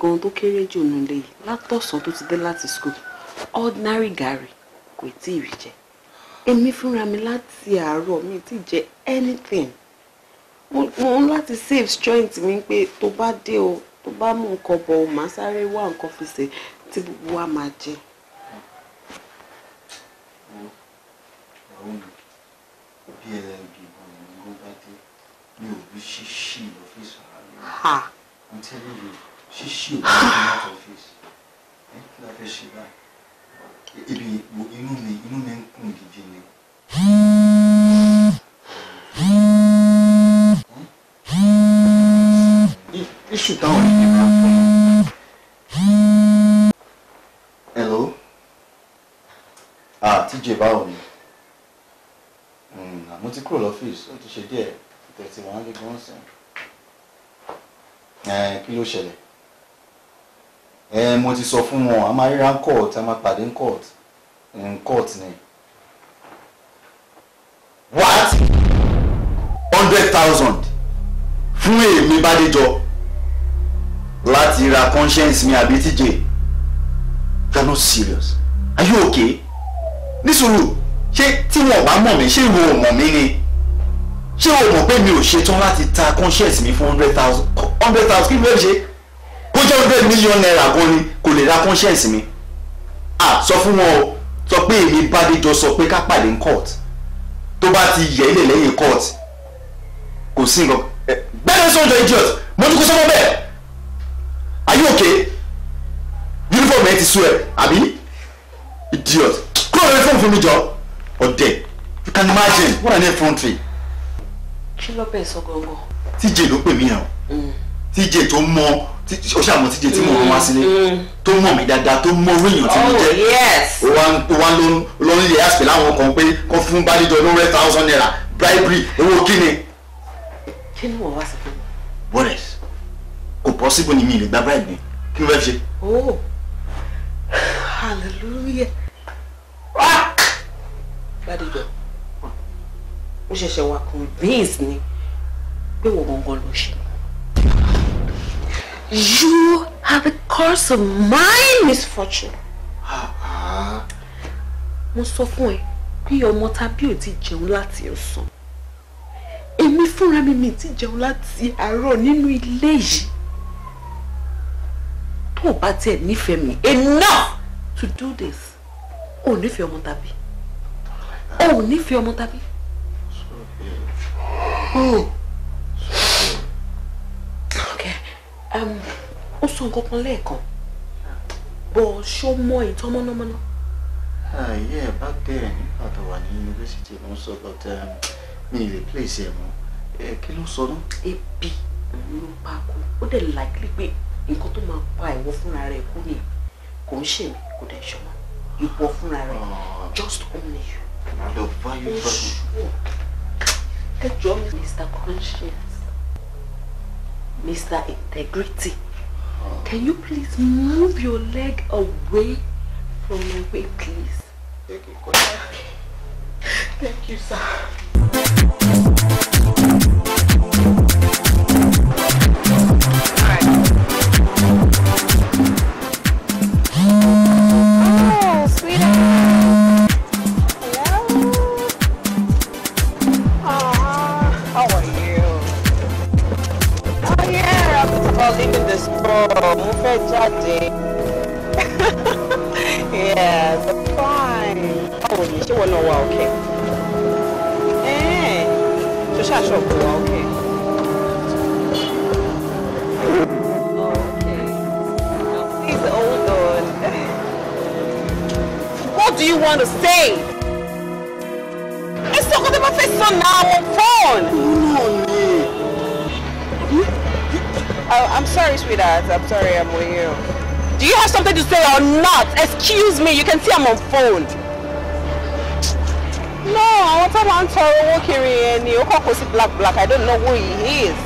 gan tó kéré jù nílé yìí látọ̀sán tó ti dé láti school ordinary gàrí kò tí ì rí jẹ èmi fúnra mi láti àárọ̀ mi ti jẹ anything mo ń láti save strength mi pé tó bá dé o tó bá mú nǹkan bọ̀ o màá sáré wá nǹkan fi ṣe tí gbogbo wa máa jẹ. bí ṣíṣí òkú láti ọ́fíìsì kí la fẹ́ ṣe báyìí ebi wo inú mi inú mi ń kùn gidi ni. iṣu táwọn èdè máa ń fún mi. hello ah TJ báwo ni àmọ́ hmm, ah, ti kúrò lọ́fíìsì ó ti ṣe díẹ̀ tẹ̀síwájú gan-an sẹ́yìn kí ló ṣẹlẹ̀ mo ti sọ fún wọn a máa ríra ń court a máa pàdé court ń court ni. what hundred thousand fún èmi Bádéjọ láti ra conscience mi àbí tíjẹ you are not serious are you okay nísòro ṣé tí wọn ò bá mọ̀ mí ṣé ìwọ ò mọ̀ mí ni ṣé o mọ̀ pé mi ò ṣetán láti ta conscience mi fún hundred thousand hundred thousand kí ló ń ṣe kó jẹ́ hundred million naira gan ni kò lè ra conscience mi ah sọ fún wọn o sọ pé èmi Bádéjọ sọ pé ká pàdé ní court tó bá ti yẹ ilé lẹ́yìn court kò sí nǹkan gbẹ́dẹ̀ sọ̀jọ̀ idiot mo tún kó sọ́mọ́ bẹ́ẹ̀ are you okay uniform ẹ ti sú ẹ àbí idiot kúrò lórí fóònù fún mi jọ ọ̀dẹ̀ you can imagine what an effrontery. kí ló bẹ̀ sọ gbọ̀ngàn. tíjẹ ló pè mí hàn mm. tíjẹ tó mọ ó ṣàmọ tí jẹ tí mo rán wá sílé mm, mm. tó mọ̀ mí dáadáa tó mọ̀ ríyàn tí mo oh, jẹ́ ó wá ló ń yẹ àsìkò láwọn kan pé kó fún bálíjọ lórí thousand naira bribery owó kíni. kí ni wọ́n wá sí fún mi. what else kò ni mi lè gba bribe kí ló fẹ́ ṣe. oh hallelujah. Ah! bádìjọ mo ṣẹ̀ṣẹ̀ wá convince ni pé wọ́n gangan ló ṣe mi. You are the cause of my misfortune. Mo sọ fún ẹ bí ọmọ tàbí ò ti jẹun láti ọ̀sán. Èmi fúnra mi mi ti jẹun láti àárọ̀ nínú ilé yìí. Tó o bá tiẹ̀ nífẹ̀ẹ́ mi enough to do this. O nífẹ̀ẹ́ ọmọ tàbí. O nífẹ̀ẹ́ ọmọ tàbí. Oh. ó sọ nǹkan kan lẹ́ẹ̀kan bọ̀ ṣó mọ ìtàn mọ́nàmọ́ná. ààyè ẹ̀ bá bẹ̀rẹ̀ nígbà tó wà ní yunifásitì mo ń sọ but um, ì lè place ẹ̀ mọ́ ẹ kí ló sọ náà. ebi ló bá kú ó dẹ̀ likely pé nǹkan tó máa pa ìwọ fúnra rẹ̀ kú ni kò ń ṣèmi kò dẹ̀ ṣọmọ ìwọ fúnra rẹ̀ ah. just only you. lọ bá yóò bá mi. ẹ jọ mr conscience. Mr. Integrity, can you please move your leg away from my way, please? Thank you, sir. something to say or not. Excuse me, you can see I'm on phone. No, I want to ń to owó kiri yẹn ni ó kàn black black. I don't know who he is.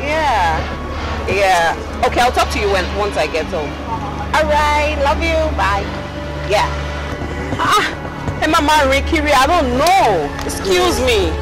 Yeah. Yeah. Okay, I'll talk to you when once I get home. Alright, love you. Bye. Yeah. Ah, ẹ má máa kiri. I don't know. Excuse me.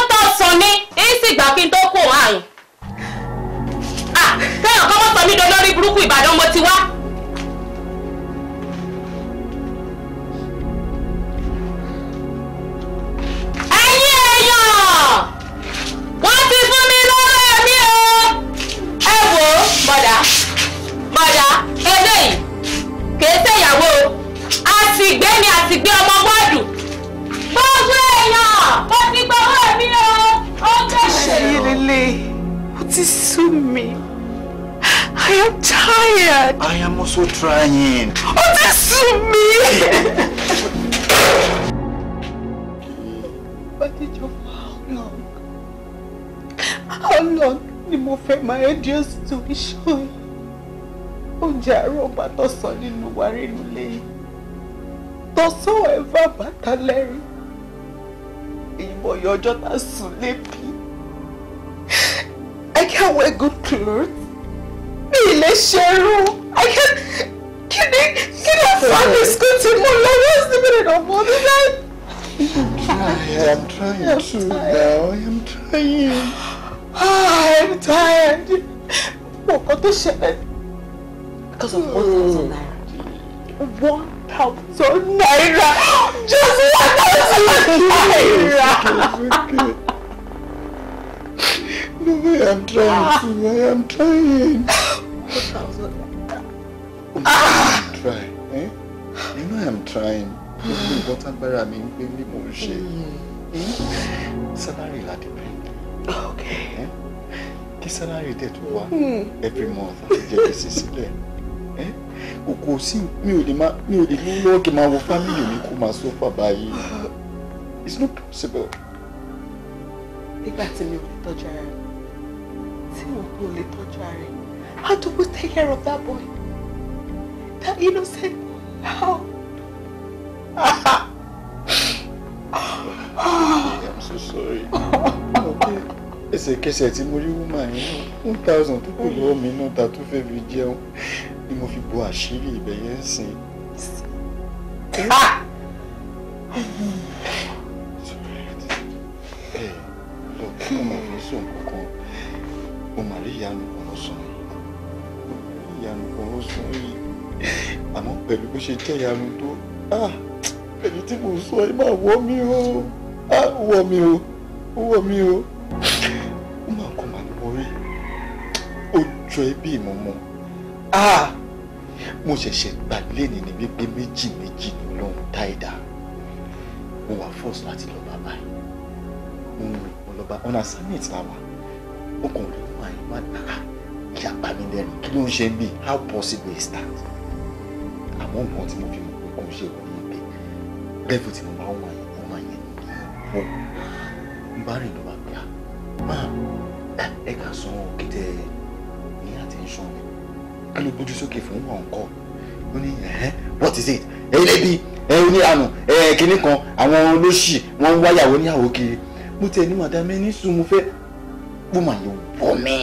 mọ̀yọ́ ọjọ́ tá a sùn I can't wear good clothes Me ì lè I can't Can ni can ni find school ti mú lọ́wọ́ sí mi nínú ọmọ mi I'm trying. I'm trying to now. I'm trying. Oh, ah, I'm tired. What kàn tó ṣẹlẹ̀. Because of one thousand naira. One thousand naira just one hmm. thousand naira. I am trying. I am trying. Try, eh? You know I am trying. Gbogbo nǹkan tágbára mi ń gbé ní mò ń Salary la depend. Kí hmm. salary that tó want hmm. every month àti jẹ́ gbèsè sílẹ̀ o sí mi ò lè má lọ́wọ́ kí n máa wo fámìlì mi kó máa sọ́fà báyìí it's not possible. nígbà tí mi ò lè tọ́jú ara rẹ̀ tí mo kò lè tọ́jú ara rẹ̀ how do we take care of that boy that innocent boy how. I'm so sorry. okay ẹsẹ̀kẹsẹ̀ tí mo rí woman yẹn one thousand tó kù lọ́wọ́ mi náà ta tó fẹ́ fi jẹun ni mo fi bo àṣírí ibẹ̀ yẹn sìn. ọmọ mi sùn kankan mo mà rí ìyanu ọ̀rọ̀ sùn ìyanu ọ̀rọ̀ sùn yìí àmọ́ pẹ̀lú bó ṣe jẹ́ ìyanu tó ẹni tí mo sọ ẹ máa wọ́ mi o wọ́ mi o wọ́ mi o ó máa kọ́ màá lọ́wọ́ rí ó jọ ẹbí ìmọ̀mọ́ mo ṣẹ̀ṣẹ̀ gbà lẹ́ni ni wípé méjì méjì ni ọlọ́run dá ẹ̀dá mo wà first láti lọ bá báyìí mo ń rìn mo lọ bá ọ̀nà summit la wà ó kàn rí fún àyè má dára kí apá mi lẹ́nu kí ló ń ṣe bí how possible is that àmọ́ nǹkan tí mo fi mọ̀ pé kò ń ṣe wọ̀ ní ibẹ̀ bẹ́ẹ̀ fún ti mo bá wọ̀ àyè fún àyè mo ń bá rìn lọ́wọ́ pé ah máa ẹ̀ka sanwó kété ní attention mi ká gbójú sókè fún wọn kọ́ ó ní what is it ẹ̀yin lẹ́bi ẹ̀yin oníranù ẹ̀yin kìnnì kan àwọn olóṣì wọ́n ń wáyàwó níyàwó kiri mo tẹ̀ ní madame ẹni sùn mo fẹ́ mo mà yóò wọ́ mi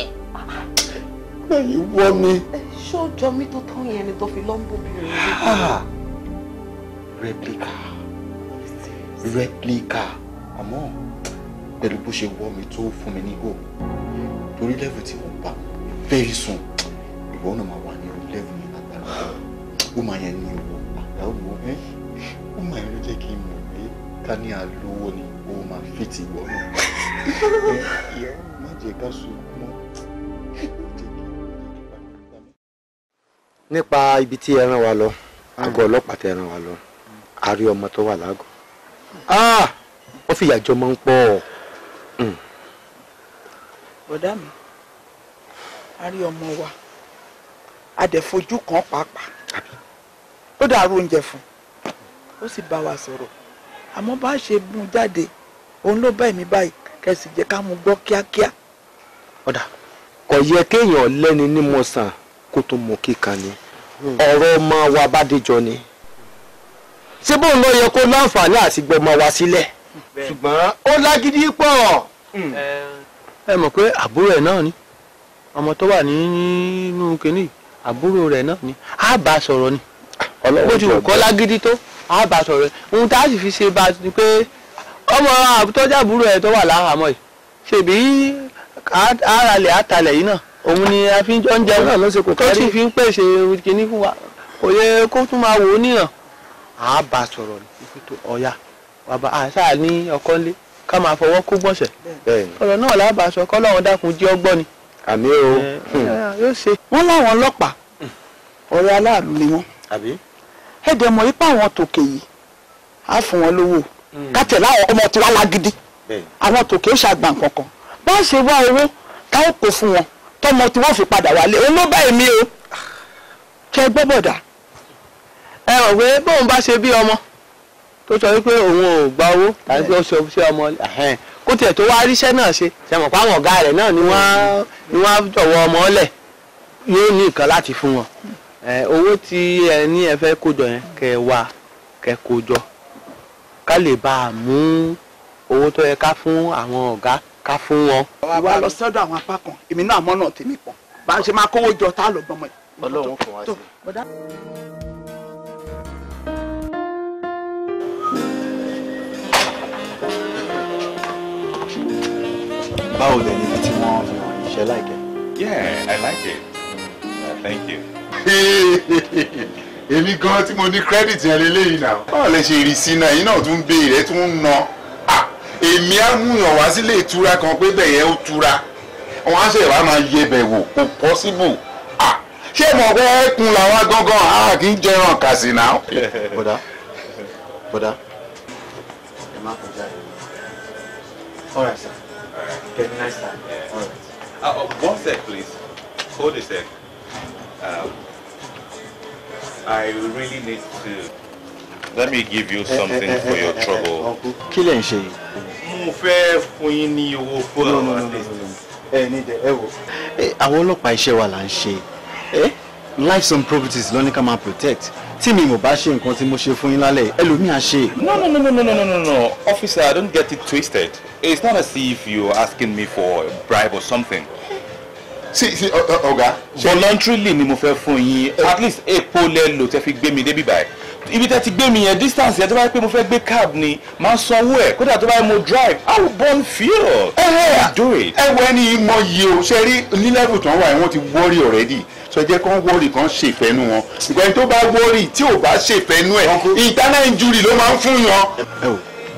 mà yóò wọ́ mi. ṣé ó jọ mí tó tán yẹn ni tó fi lọ́ńbù bí rẹ̀. replica replica àmọ́ pẹ̀lú bó ṣe wọ́ mi tó fún mi ní hope torí level tí mo bá very soon ìwọ náà máa wà ní orí lẹ́fù ní agbára ó máa yẹn ní owó àgbà ó wọ ó máa yẹn ló jẹ́ kí n mọ̀ pé ká ní alówó ni ó máa fi ti ìwọ náà ìyàwó má jẹ́ ká sunkún mọ́. nípa ibi tí ẹ wa lọ àgọ́ ọlọ́pàá tẹ rán wa lọ a rí ọmọ tó wà lágọ̀ọ́ wọ́n ah! fìyà jọ mọ́ ń pọ̀ ọ̀dà mi a rí ọmọ wa adẹ̀fojú kan pàápàá ó dàrú oúnjẹ fún ó sì bá wa sọ̀rọ̀ àmọ́ bá ṣe mú jáde òun ló bá èmi báyìí kẹsì jẹ́ ká mú gbọ́ kíákíá. ọ̀dà kò yẹ kéèyàn lẹ́ni nímọ̀sán kó tó mọ kíkan ni ọ̀rọ̀ ọmọ wa bá déjọ ni ṣé bóun ló yẹ kó láǹfààní àti gbọmọ wa sílẹ̀ ṣùgbọ́n ó lágídí pọ̀. ẹ mọ̀ pé àbúrò ẹ̀ náà ni ọmọ tó wà nínú kínní yìí àbúrò rẹ̀ náà ni a bá sọ̀rọ̀ ni bó ti wù kọ́ lágídí tó a bá sọ̀rọ̀ ohun tá a sì fi ṣe bá ni pé ọmọ àtọ́jú àbúrò ẹ̀ tó wà láhàámọ́ yìí ṣèbí àràlẹ̀ àtàlẹ̀ yìí náà òun ni a fi oúnjẹ náà ló ṣe kò kárí tó sì fi ń pèsè kínní fún wa kò yẹ kó tún máa wò ó níyàn a bá sọ̀rọ̀ nípìtò ọ̀ya bàbá àṣà ní ọkọ ńlé ká máa fọwọ́ kó gbọ̀nsẹ̀ ọ̀rọ̀ náà làbà sọ kọ́lọ́run dákun jẹ́ ọgbọ́n ni. àmì o yóò ṣe wọ́n láwọn ọlọ́pàá ọ̀rẹ́ aláàlú ni wọ́n ẹ̀dẹ̀ mọ̀ ipá àwọn tòkè yìí á fún wọn lówó hmm. kátẹ̀ láwọn ọmọ tí wọ́n lágídí àwọn tòkè ṣàgbà kankan bá ń ṣe wá owó táwọn kò fún wọn tọmọ tí wọ́n fi padà wálé olóbá èmi o kẹ gbọ́ bọ̀dà ẹ ọ̀ pé bóun bá ṣe bí ọmọ tó sọ wípé òun ò gba owó tàbí ó sọ sí ọmọ kó tiẹ̀ tó wá ríṣẹ́ náà ṣe ṣe mọ̀ pé àwọn ọ̀gá rẹ̀ náà ni wọ́n á jọ̀wọ́ ọmọ ọlẹ̀ yóò ní nǹkan láti fún wọn owó tí ẹ ní ẹ fẹ́ kó jọ yẹn kẹ́ wá kẹ́ kó jọ ká lè bá a mú owó tó yẹ ká fún àwọn ọ̀gá ká fún wọn. wà á lọ sọ́dọ̀ àwọn apá kan èmi náà mọ́nà tèmi pọ̀ bá a ṣe máa kówó jọ tá a lọ gbọmọ yìí. ọlọ́run fún wa sí i. báwo lè níbi tí wọ́n fi hàn iṣẹ́ láìpẹ́. yeah i like it thank you. èmi gan tí mo ní credit yẹn lélẹ́yìn náà báwo lè ṣe rí sí náà yìí náà tún béèrè tún ń ná èmi á mú yàn wá sílé ìtura kan pé bẹ̀yẹ ó tura wọn á ṣe wàá máa yẹ bẹ̀ wò kò possible ṣé mo fẹ́ kun làwọn gangan á kì í jẹran kàsì náà. bọ́dà bọ́dà ẹ má kọjá ẹ all right sir get nice time all uh, uh, one sec please hold a sec. Um, I really need to. Let me give you something for your trouble. Kí lẹ̀ ń ṣe yìí? Mo fun fún yín No no no àwọn artists. Ẹ ní dẹ̀ ẹ wò. Àwọn ọlọ́pàá iṣẹ́ wa là ń ṣe. Lives and properties ló ní ká máa protect. Tí mi ò bá ṣe nǹkan tí mo ṣe fún yín lálẹ́, ẹlòmíà ṣe. No no no no no no no no officer I don't get it twisted. It's not as if you're asking me for a bribe or something sí sí ọ̀gá. voluntarily ni mo fẹ́ fún yín at ah. least epo lẹ lò tẹ fi gbé mi débi báyìí ibi tẹ ti gbé mi yẹn distance yẹn tó bá yẹ pé mo fẹ́ gbé cab ni máa sanwó ẹ̀ kódà tó bá yẹ mo drive i will burn fuel. ẹ it. ẹ wọ ẹni mọ yìí o ṣe rí ní level tán wà wọ́n ti worry already sọ jẹ́ kán wọ́ọ̀rì kan ṣèfẹ́nu wọn ìgbà tó bá wọ́ọ̀rì tí ò bá ṣèfẹ́nu ẹ̀ internal injury ló máa ń fún yan. ẹ wò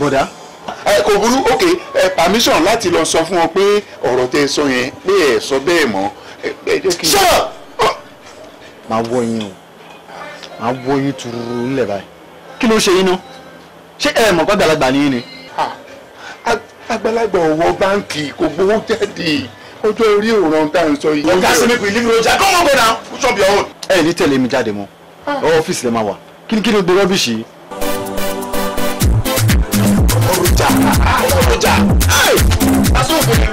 bọ̀dá ẹ kò burú ok ẹ permission láti lọ sọ fún ọ pé ọ̀rọ̀ tẹ sọ yẹn pé ẹ sọ bẹ́ẹ̀ mọ́ ẹ jẹ́ kí n. ṣọ́ọ̀ ah! máa wọ yín o máa wọ yín tururu ńlẹ̀ báyìí kí ló ṣe yín ná ṣé ẹ mọ̀ gbàgbàlagbà ni yín ni. Ah, àgbàlagbà ọwọ́ báǹkì kò gbowó jáde ọjọ́ orí òòrùn tá à ń sọ yìí. ọ̀gá sinmi pẹ̀lú mi ò jà kọ́mọ́gbọ̀nà ṣọ́ọ̀bì ọ̀hún. ẹ ní tẹ̀lé mi jáde mọ́ ah. ọ́fíìsì lè máa wà kí ni gbé rọ́bìṣì yìí. Hey, Aṣọ òfin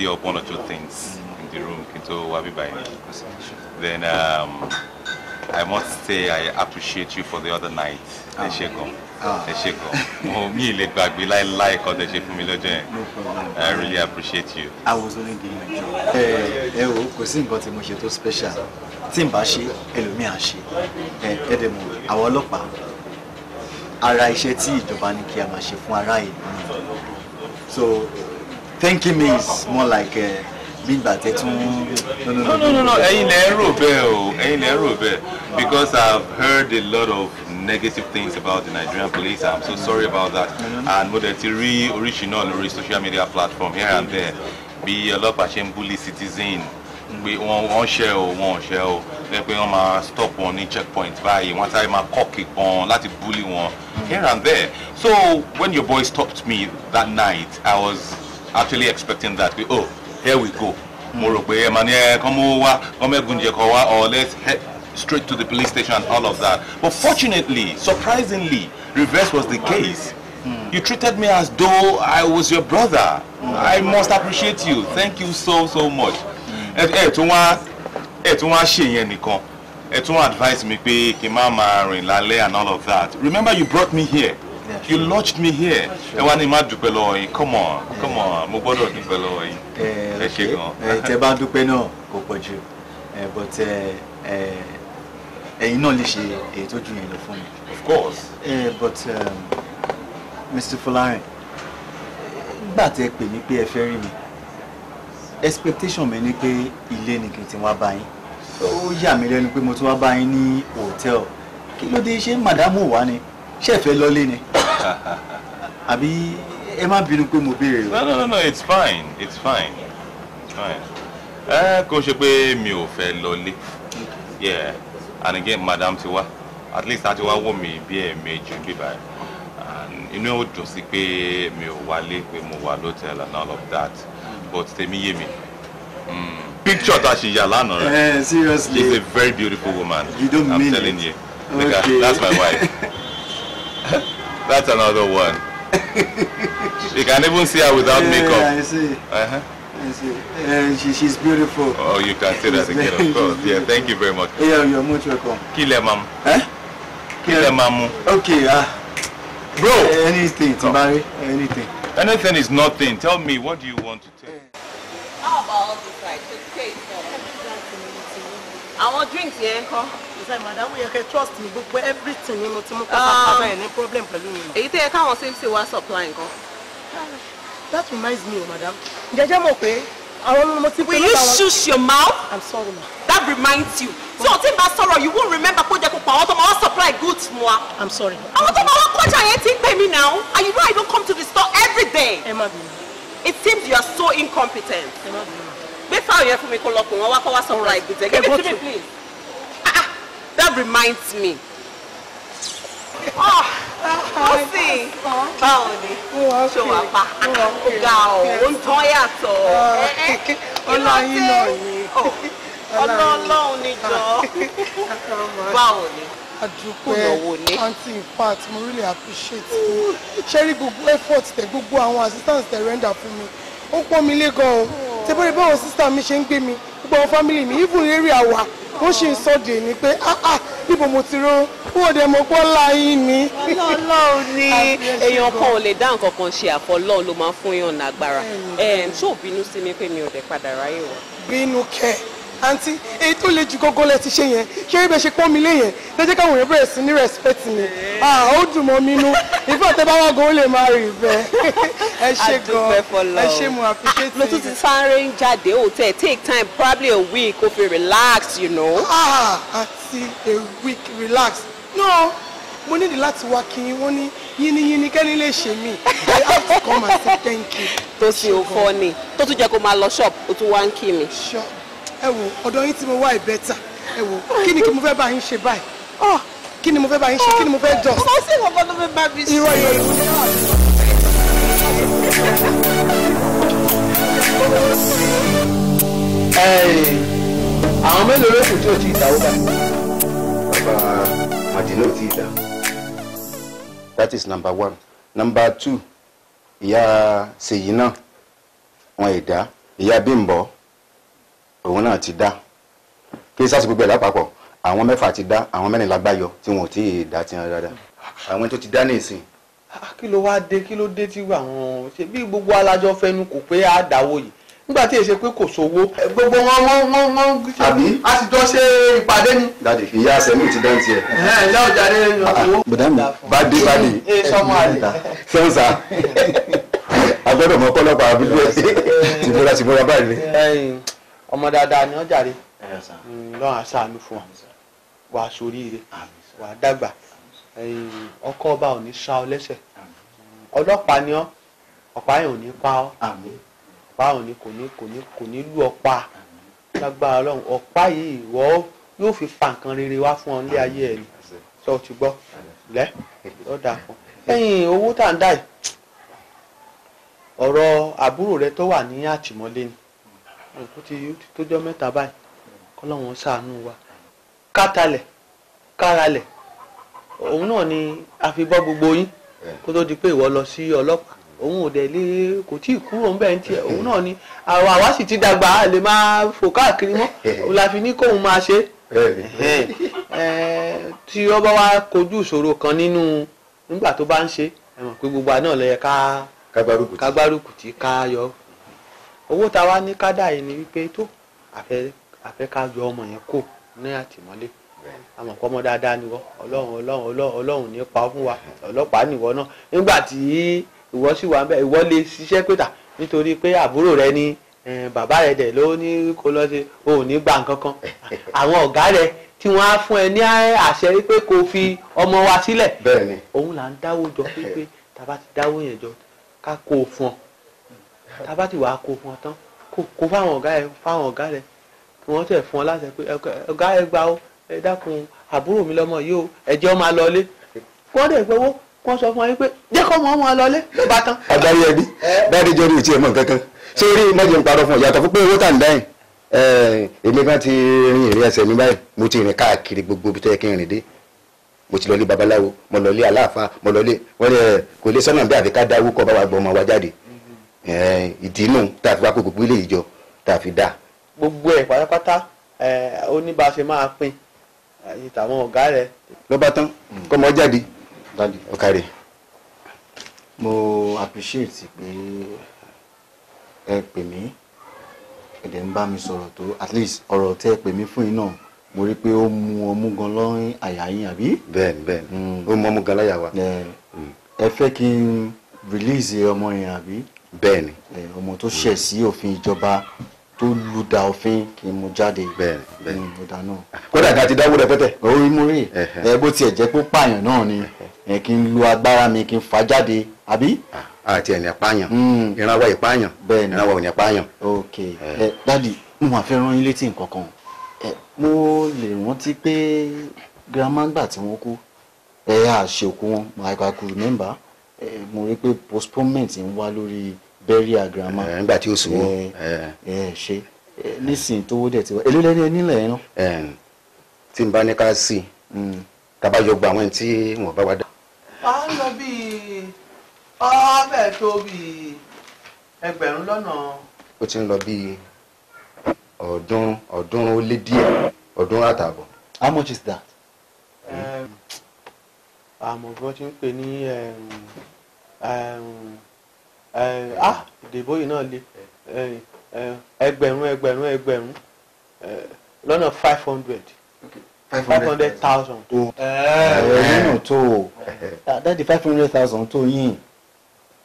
tidy up one or two things in the room kinto Wabi Baini. Then um, I must say I appreciate you for the other night. Ẹ ṣé gan. Ẹ ṣé gan. Mo mi lè gbàgbé láéláé kan tẹ́ I really appreciate you. I was only giving my job. Eh, ẹ o kò sí nǹkan tí mo ṣe tó special tí n bá ṣe ẹlòmíì à ń ṣe. Ẹ ẹ dẹ̀ ara iṣẹ́ tí ìjọba ní kí a máa ṣe fún ará ìlú. So Thank you, is more like eh, bí ìgbà tẹ tún. no no no no ẹ̀yin lẹ ń rò bẹ́ẹ̀ o ẹ̀yin lẹ ń rò because I've heard a lot of negative things about the Nigerian police I'm so sorry about that and mo dẹ̀ ti rí oríṣi náà lórí social media platform here and there bí ọlọ́pàá ṣe ń bully citizen pé wọ́n wọ́n ṣe o wọ́n ṣe o lẹ́yìn pé wọ́n máa stop wọn ní checkpoint báyìí wọ́n sáré máa kọ́ kíkan láti bully wọn mm. here and there so when your boy stopped me that night I was actually expecting that pé oh here we go mo rò pé ẹ máa ní ẹ kán mú wá kán mẹ́gun jẹ or let's head straight to the police station and all of that but fortunately surprisingly reverse was the case. Mm. You treated me as though I was your brother. Mm. I hmm. must appreciate you. Thank you so so much. Hmm. Ẹ tún wá ẹ tún wá ṣe yẹn nìkan. Ẹ tún advise mi pé kí n má máa rìn lálẹ́ and all of that. Remember you brought me here you lodged me here ẹ wá ní má dúpẹ́ lọ́wọ́ yín come on come on mo gbọ́dọ̀ dúpẹ́ lọ́wọ́ yín eh, ẹ ṣe gan. Eh, tẹ bá dúpẹ́ náà kò pọ̀ jù eh, but ẹ̀yin náà lè ṣe èyí tó jù yẹn lọ fún mi. of course. but Mr. Um, Folarin nígbà tẹ pè mí pé ẹ fẹ́ rí mi expectation mi ni pé ilé ni kì í ti wá bá yín ó yà mí lẹ́nu pé mo tún wá bá yín ní hòtẹ́ẹ̀lì kí ló dé ṣé màdámù wá ni ṣẹ̀fẹ̀ lọ́lé ni àbí ẹ má bínú pé mo béèrè o. no no no it's fine it's fine it's fine ẹ kò ṣe pé mi ò fẹ́ lọ́lé yeah and again madam ti wá at least a ti wá wò mí bí ẹ̀ẹ̀mejì bíbá and inú ẹ̀ ò dùn sí pé mi ò wálé pé mo wà lótẹ́ẹ̀lì and all of that but tèmi yé mi hmm, picture ta ṣe yà lánàá rẹ eh, seriously she's a very beautiful woman you don't I'm mean telling it. you okay. that's my wife. That's another one. you can even see her without yeah, makeup. I see. Uh-huh. I see. Uh, she, she's beautiful. Oh, you can say that again, of course. Yeah, thank you very much. Yeah, you're much welcome. Kill Kile Huh? Eh? Kill Kile mamu. Okay, ah. Uh, Bro! Eh, anything, Timbari. Anything. Anything is nothing. Tell me, what do you want to tell? How about all the price? Just pay for Àwọn drinks yẹn kọ́ design madam yẹ kẹ trust mi gbogbo everything ni mo ti mú pátápátá um, problem pẹ̀lú mi. èyí tó yẹ káwọn supply nǹkan. that reminds me o madam jẹjẹ mọ̀ pé àwọn ọmọ mo ti pè lọ́wọ́. will you shut your mouth. i'm sorry ma. that reminds you. So o ti bá sọ̀rọ̀ you won't remember kó jẹ́ kó pa àwọn tó ma wá supply goods fún wa. i'm sorry ma. àwọn tó ma wá kọjá yẹn ti ń pè mí now and you know i don't come to the store every day. ẹ má bínú. it seems you are so incompetent. ẹ má bínú. gbé fáwọn yẹn fún mi kó lọ wọn wá kó wá supply goods ẹ give it to me please. That reminds me. Oh, ó sì báwo ni ṣe wà pa ah, ọ̀gá ò ń tán yàtọ̀ ah, eh, eh, ọlọ́yìn náà yìí oh, ọlọ́ọ̀lọ́hún ni jọ ah, báwo ni àdúpẹ́ aunty in fact mo really appreciate you ṣe rí gbogbo effort tẹ gbogbo àwọn assistance tẹ render for me. O pọ́n mi le go. an tẹ bẹ́ẹ̀ báwọn sister mi ṣe ń gbé mi gbogbo family mi even area, àwa ó ṣì ń sọ́dẹ̀ ni pé ibo ah, ah, mo ti rán wọ́n ò dẹ̀ mọ̀ pọ́ láyín ni. ọlọ́run ni èèyàn kan ò lè dá nǹkan kan ṣe àfọlọ́run ló máa ń fún yàn lágbára ṣó bínú sí mi pé mi ò dẹ̀ padà ráyè wá. bínú kẹ́ẹ̀ àǹtí èyí tó le jù gógó lẹ ti ṣe yẹn ṣé ibẹ̀ ṣe pọ́n mi lé yẹn lẹ́jẹ́ káwọn èèyàn bẹ̀rẹ̀ sí ní respect mi ah, ó dùn mọ́ mi nú ìfẹ́ ọ̀tẹ́ bá wà gan ó lè máa rí ìfẹ́ ẹ ṣe gan ẹ ṣe mo appreciate you. Ah, lo tún ti sáré ń jáde hotel take time probably a week o fi relax you know. ah àti a week relax no mo nídi láti wá kí yín wọ́n ní yínníyínní kẹ́ni lè ṣe mí i have to come and say thank you. tó sì ò fọ́ ni tó tún jẹ́ kó máa lọ ṣọ́ọ̀bù ó tún wá ń kí mi. ṣọ́ọ̀bù ẹ wò ọ̀dọ̀ yín tí mo wá ẹ̀ bẹ́tà ẹ kí ni kí mo fẹ́ bá yín ṣe báyìí ọ ah, kí ni mo fẹ́ bá yín ṣe kí ni mo fẹ́ jọ. ọmọ sí ìwọ kan tó bá mi ṣe. irọ́ yẹn ló àwọn mélòó ló kù tí o ti ìdáwó bá. bàbá àdínà ò tí ì dá. that is number one number two ìyá ṣèyí náà wọn ì dá ìyá bímbọ òun náà ti dá kí sásìkò gbẹ lápapọ̀ àwọn mẹ́fà ti dá àwọn mẹ́rin lágbáyọ tí wọn ò tí ì dá tiwọn dáadáa àwọn tó ti dá ní ìsìn. kí ló wá dé kí ló dé tí àwọn ṣe bí gbogbo alájọ fẹnu kò pé á dáwọ́ yìí nígbà tí èsè pé kò sówó gbogbo wọn wọn wọn wọn àbí a ti jọ ṣe ìpàdé ni. dadi ìyá sẹ́mi ti dán tiẹ̀. ẹ ǹjẹ́ ọjà rẹ̀ ń lọ. bùdá mi bá dé bá dé. ee sọmọ àlè. fẹ́ǹsà agbọ́dọ̀ mọ kọ́lọ́pàá abúlé tìmúra tìmúra báyìí. ọmọ dáadáa ni wọn jàre lọ́wọ́ mm, àṣàánú fún wa wà á soríire wà dàgbà ọkọ ọba ò ní sá ọ lẹ́sẹ̀ ọlọ́pàá ni ọ ọ̀pá yẹn ò ní pa ọ ọ̀pá ò ní kò ní kò ní kò ní lù ọ lágbára ọlọ́run ọ̀pá yìí ìwọ yóò fi fa nǹkan rere wá fún ọ nílé ayé ẹ ni sọ ti gbọ́ lẹ́ lọ́dà fún ẹ̀yìn owó tá à ń dà yìí ọ̀rọ̀ àbúrò rẹ tó wà ní àtìmọ́lé ni tó ti tójọ́ mẹ́ta báyìí kọ́lọ́wọ́n sàánú wa kátàlẹ̀ káralẹ̀ òun náà ni a fi bọ́ gbogbo yín kó tó di pé ìwọ lọ sí ọlọ́pàá òun ò dẹ̀ lé tí kúrò òun náà ni àwọn àwa ti dàgbà lè máa fò káàkiri mọ́ la fi ní kóun máa ṣe tí ó kojú ìṣòro kan nínú nígbà tó bá ń gbogbo àná ká yọ owó tá wá ní kádà yìí ni wípé tó àfẹ́ ká yọ ọmọ yẹn kó ní àtìmọ́lé àmọ́ kọ́mọ dáadáa ni wọ́ ọlọ́run ọlọ́run ọlọ́run ọlọ́run ní pa fún wa ọlọ́pàá nìwọ náà nígbà tí ìwọ sì wà ń bẹ ìwọ lè ṣiṣẹ́ pétà nítorí pé àbúrò rẹ ni bàbá rẹ dẹ̀ ló ní kó lọ sí òun ní gbà nǹkan kan àwọn ọ̀gá rẹ tí wọ́n á fún ẹ ní àṣẹ pé kó fi ọmọ wa sílẹ̀ òun là ń dáwó jọ pé pé ti dáwó yẹn jọ ká kó o fún ọ tá a bá ti wàá kó fún ọ tán kó fáwọn ọ̀gá ẹ fáwọn ọ̀gá rẹ kí wọ́n tẹ̀ fún ọ láti pé ọ̀gá ẹ gba ó ẹ dákun àbúrò mi lọ́mọ yìí ó ẹ̀jẹ̀ ọ máa lọlé kí wọ́n dẹ̀ gbowó kí wọ́n sọ fún ọ yín pé jẹ́ kọ́ mọ́ ọmọ ọ lọlé ló bá tán. adarí ẹbí dáadé jọ́rí ìtì ẹ̀mọ́ kankan ṣé rí mọ́jọ ń parọ́ fún ọ yàtọ̀ fún pé owó tà ń dáyìn èmi kan ti rin ìrìn ẹsẹ̀ mi báyìí mo ti rìn káàkiri gbogbo ibi tó yẹ kí n rìn dé mo ti lọlé babaláwo mo lọlé aláàfáà mo lọlé wọn kò lè sọ́nà bí àfikà dáwó kọ́ bá wa gbọ́ wa jáde Eh, ìdínú tá a fi wá kó gbogbo ilé ìjọ tá a fi dá. gbogbo ẹ̀ pátápátá eh, ó ní bá a ṣe máa pín ìtàwọn ọ̀gá rẹ̀. ló bá tán hmm. kọ́mọ jáde ọ̀kàrẹ̀. mo appreciate pé ẹ pè mí ẹ̀dẹ̀ ń bá mi sọ̀rọ̀ tó at least ọ̀rọ̀ tẹ́ ẹ pè mí fún yín náà mo rí i pé ó mu ọmú gan lọ́rùn àyà yín àbí. bẹ́ẹ̀ni bẹ́ẹ̀ni hmm. ó mu ọmú gan láyà wa. Eh, hmm. ẹ fẹ́ kí n release ọmọ yẹn àbí bẹ́ẹ̀ni. ọmọ tó ṣẹ̀ sí òfin ìjọba tó lùdà òfin kì í mú jáde. bẹ́ẹ̀ni bẹ́ẹ̀ni ọ̀dà náà. kódà ká ti dáwó rẹpẹtẹ. orí mú rí ẹ bó tiẹ̀ jẹ́ pé pààyàn náà ni ẹ kí n lu agbára mi kí n fà jáde àbí. àti ẹ̀yìn apáyàn hmm. ìran wa ìpáyàn ìran wa ò ní apáyàn. ok ẹ dadi mo máa fẹ́ rán yín létí nǹkan kan mo lè rántí pé girama gbà tí wọ́n kú ẹ̀yà àṣekú wọn màá kú mẹ́mbàá mo rí pé postponement ń wá lórí burial grandma. nígbà tí o sùn wọ́n. ṣe nísìnyí tó wó dẹ̀ ti wá èlé lẹ́ni ẹni lẹ̀ ẹ́ tí n bá ní ká sí i hmm. tábàjọ gba àwọn tí wọn bá wá dá. a ń lọ bí ọbẹ̀ tó bí ẹgbẹ̀rún lọ́nà. ó ti ń lọ bí ọ̀ọ́dúnrún ọ̀ọ́dúnrún ó lé díẹ̀ ọ̀ọ́dúnrún àtààbọ̀. how much is that? Um, àmọ́ bí wọ́n ti ń pè ní ah, ìdìbò yìí náà le ẹgbẹ̀rún ẹgbẹ̀rún ẹgbẹ̀rún lọ́nà five hundred five hundred thousand. ẹ̀rọ nínú tó o dáàdi five hundred thousand tó yín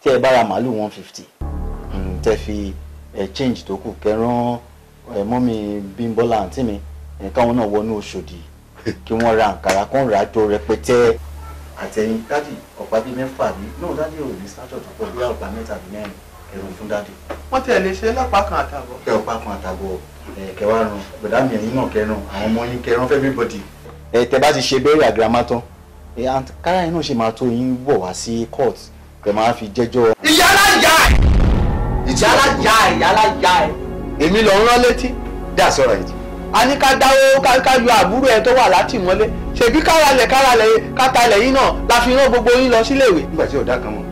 tí ẹ bá màálù one fifty hmm, tẹ fi change tó kù kẹran mọ́mí Bímbọ́lá àǹtí mi nǹkan wọn náà wọnú Ọ̀ṣọ́dì kí wọ́n ra àǹkàrà kan rà á tó rẹpẹtẹ àtẹ̀yìn dádì ọ̀pá bíi mẹ́fà bíi náà dádì ò ní sátọ̀ tó pọ̀ bóyá ọ̀pá mẹ́ta bíi mẹ́rin ẹ̀rọ fún dádì. wọ́n tiẹ̀ lè ṣe lọ́pàá kan àtàbọ̀. kẹ́ ọ̀pá kan àtàbọ̀ kẹwàá run bọ̀dá mi ẹ̀yìn náà kẹrun àwọn ọmọ yín kẹrun fẹ́ everybody. ẹ tẹ bá ti ṣe bẹ́ẹ̀rẹ̀ àgàmá tán kára yín náà ṣe máa tó yín bọ̀ wá sí court tẹ máa fi jẹ́jọ́. ìyálà yá ẹ̀ ìyálà yá ẹ̀ ìyálà yá ẹ̀. èmi lọ rán létí that's all right. a ní ká dáwó ká yọ àbúrò ẹ tó wà látìmọ́lé ṣèbí káralẹ̀ káralẹ̀ kátàlẹ̀ yìí náà la fi rán gbogbo yín lọ síléèwé. nígbà tí ọ̀dà kan mọ̀.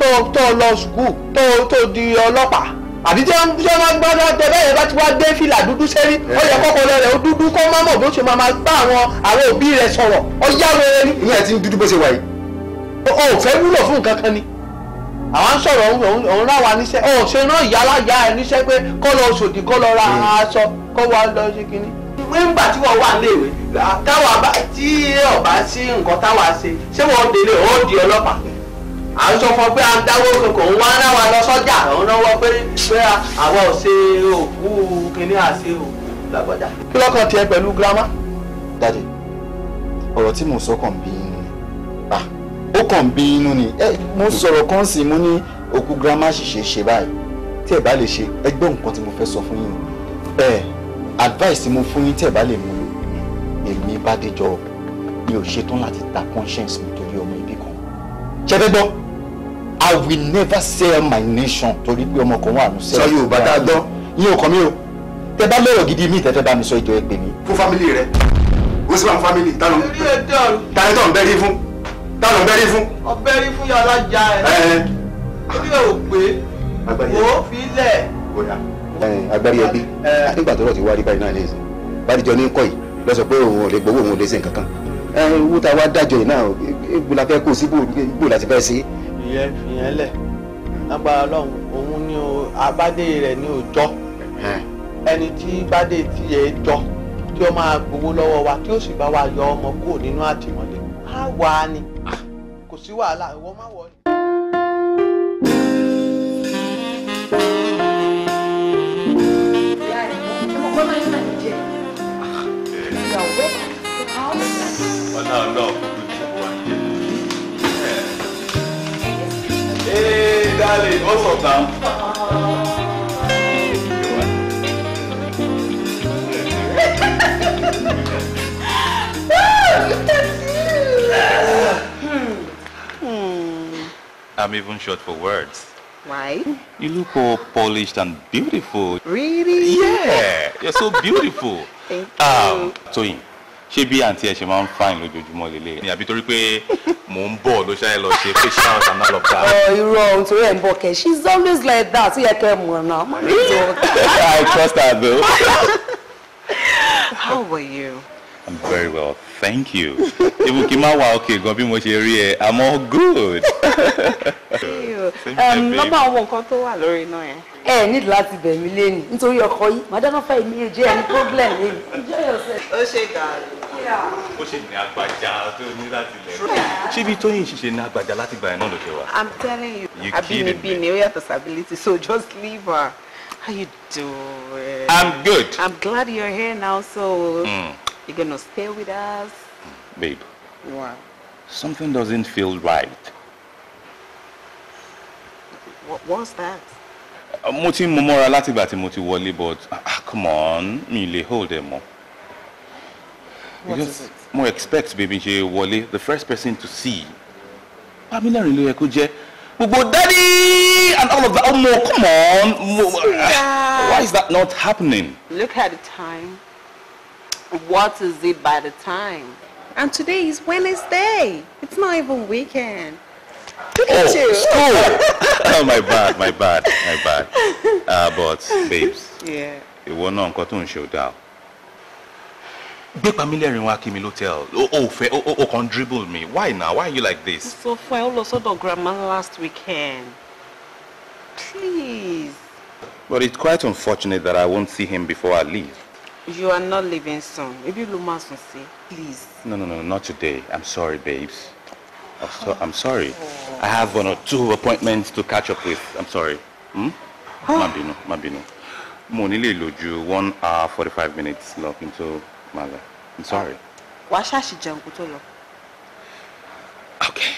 tó tó lọ sùkúù tó tó di ọlọ́pàá àbí tí wọ́n tí wọ́n gbọ́dọ̀ tẹ bẹ́ẹ̀ yẹn bá ti wá dé fìlà dúdú sẹ́rí ó yẹ kọ́kọ́rọ́ rẹ̀ ó dúdú kó má mọ̀ bó ṣe máa bá àwọn àwọn òbí rẹ̀ sọ̀rọ̀ ó yá wẹrẹ ní. inú ẹ ti ń dúdú bó ṣe wà yìí. o ò fẹ́ wúlò fún nǹkan kan ni àwa ń sọ̀rọ̀ òun náà wà níṣẹ́ ò ṣe náà yálà yá ẹ níṣẹ́ pé kó lọ sòdì kó lọ ra hmm. aṣọ kó wá lọ ṣe kinní nígbà tí wọ́n wà léèwé táwa tí ọba sí nǹkan táwa ṣe ṣé wọ́n délé ó di ọlọ́pàá à ń sọ fún pé a dáwó kankan wọn á náwa lọ sọ́jà àwọn náwó pé pé àwa ò ṣe òkú kínní àṣe òkú làgbọ́jà. kí lọ́kàn tiẹ̀ pẹ̀lú girama. dadi ọ̀rọ̀ tí mo sọ kàn ń bí inú ni ó kàn ń bí inú ni mo sọ̀rọ̀ kan sí mo ní òkú girama ṣìṣe ṣe báyìí tí ẹ bá lè ṣe ẹgbẹ́ nǹkan tí mo fẹ́ sọ fún yín ẹ advice mo fún yín tẹ̀ bá lè mú lò èmi bá dé jọ mi ò ṣetán láti ta conscience mi torí ọmọ ibi kan ṣẹ́fẹ́ gbọ́ i will never sell my nation torí pé ọmọ kan wà nù sẹ́yìn. sọ yorùbá dáa gbọ́. yín ò kàn mí o tẹ bá lọ́rọ̀ gidi mi tẹ́fẹ́ bá mi sọ ìjọ ẹ pè mí. fún fámìlì rẹ ó sì máa ń fámìlì tánú tánú tó ń bẹ́rí fún tánú bẹ́rí fún. ọbẹ̀rí fún yàrá ja ẹ̀ ẹ̀ orí ẹ̀ ò pé wò ó fi lẹ̀ agbárí ẹbí ah, nígbà tó rọ̀ ti wá rí báyìí náà ní ìsìn bàdìjọ ní kọ́ yìí lọ sọ pé òun ò lè gbowó òun ò lè ṣe nǹkan kan owó tá a wá dájọ yìí náà ibo la fẹ́ kó sí ibo la ti fẹ́ sí. ìyẹn ìyẹn lẹ lágbára Ọlọ́run òun ni abádé rẹ ní òjọ ẹni tí bádé tiẹ̀ jọ tí ó máa gbowó lọ́wọ́ wa tí ó sì bá wa yọ ọmọ kúrò nínú àtìmọ́lé á wà á ni ah. kò sí wàhálà ìwọ má wọlé. bọ́lá darling ó sọ̀ tán. I'm even short for words. Why? You look all polished and beautiful. Really? Yeah, you're so beautiful. Thank you. Um, Toyin, she be auntie. She man máa ń fine lójoojúmọ́ lélẹ̀? Ní àbí torí pé mò ń bọ̀ ló ṣáà lọ ṣe facials and all of that. Oh, you wrong. torí ẹ̀ ń bọ̀ she's always like that, ó yẹ kẹ́ mọ̀ náà. I trust her though. How were you? I'm very well thank you even kí n má okay gan bí mo ṣe rí ẹ i'm all good. nọ́mbà um, àwọn nǹkan tó wà lórí iná yẹn. ẹ nílò láti bẹ̀ mí lẹ́nu nítorí ọkọ yìí màdáná fà mí ẹjẹ́ ẹni problem lẹ́nu. ó ṣe gàrí. ó ṣe ní agbàjá tó ní láti lẹ̀. ṣébi tóyìn ṣiṣẹ́ ní agbàjá láti gbà ẹ̀ náà ló ṣe wà. i'm telling you abinibi ni ó to stability so just leave her. How you doing? I'm good. I'm glad you're here now, so mm. You're gonna stay with us? Babe. What? Something doesn't feel right. What was that? Uh, Moti ti mú mọ́ra láti ìgbà tí mo but ah, come on mi lè hold ẹ mọ́. What is more Mo expect baby ṣe wọlé the first person to see. Pamílẹ́rìn ló yẹ kó jẹ́ gbogbo daddy and all of that ọmọ oh, come on. Ah, why is that not happening? Look at the time what is it by the time? And today is Wednesday. It's not even weekend. Look oh, at you. School. oh, my bad, my bad, my bad. Uh, but, babes. Yeah. Ìwọ náà nǹkan tó ń ṣe ò dáa. Gbé pamílẹ̀rìn wá kí mi ló tẹ̀ ọ́. O daa gbe pamilerin wa ki mi oh, te o kàn dribble me. Why now? Why are you like this? sọ fún ẹ, ó lọ sọ́dọ̀ grandma last weekend. Please. But it's quite unfortunate that I won't see him before I leave. You are not leaving soon. Maybe Luma soon say, please. No, no, no, not today. I'm sorry, babes. I'm, so, I'm sorry. I have one or two appointments to catch up with. I'm sorry. Hmm? Oh. Má bínú, má bínú. Mo ní one hour forty-five minutes lock into n I'm sorry. Wàá ṣáàṣì jẹun Okay.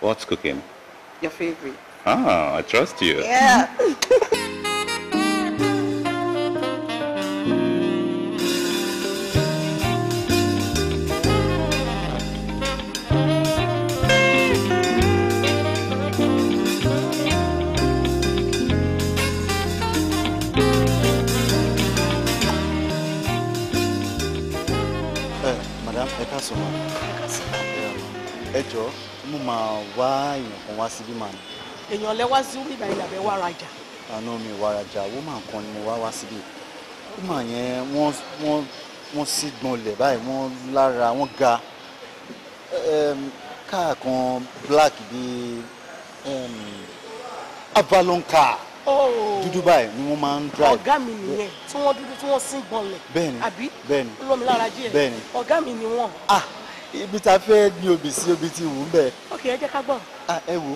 What's cooking? Your favorite. Ah, I trust you. Yeah. káàsán ma. ẹ káàsán. ẹ jọ mo máa wá èèyàn kan wá síbí màá ni. èèyàn lẹ wá sí wíwá ilẹ̀ abẹ́ wá rajà. àná mi wá rajà wọ́n máa kan ni mo wá wá síbí. ó mà yẹn wọ́n wọ́n wọ́n sì gbọ̀nlẹ̀ báyìí wọ́n lára wọ́n ga káà kan black bíi avalon car. Oh. dúdú báyìí ni wọ́n máa ń drive. ọ̀gá mi nìyẹn tí wọ́n dúdú tí wọ́n sì gbọ̀nlẹ̀. bẹ́ẹ̀ni àbí bẹ́ẹ̀ni lómi lára díẹ̀ bẹ́ẹ̀ni ọ̀gá mi ni wọ́n. ah ibi tá a fẹ́ ní obì sí obì ti wù ú bẹ́ẹ̀. ok ẹ jẹ́ ká gbọ́. ah ẹ wo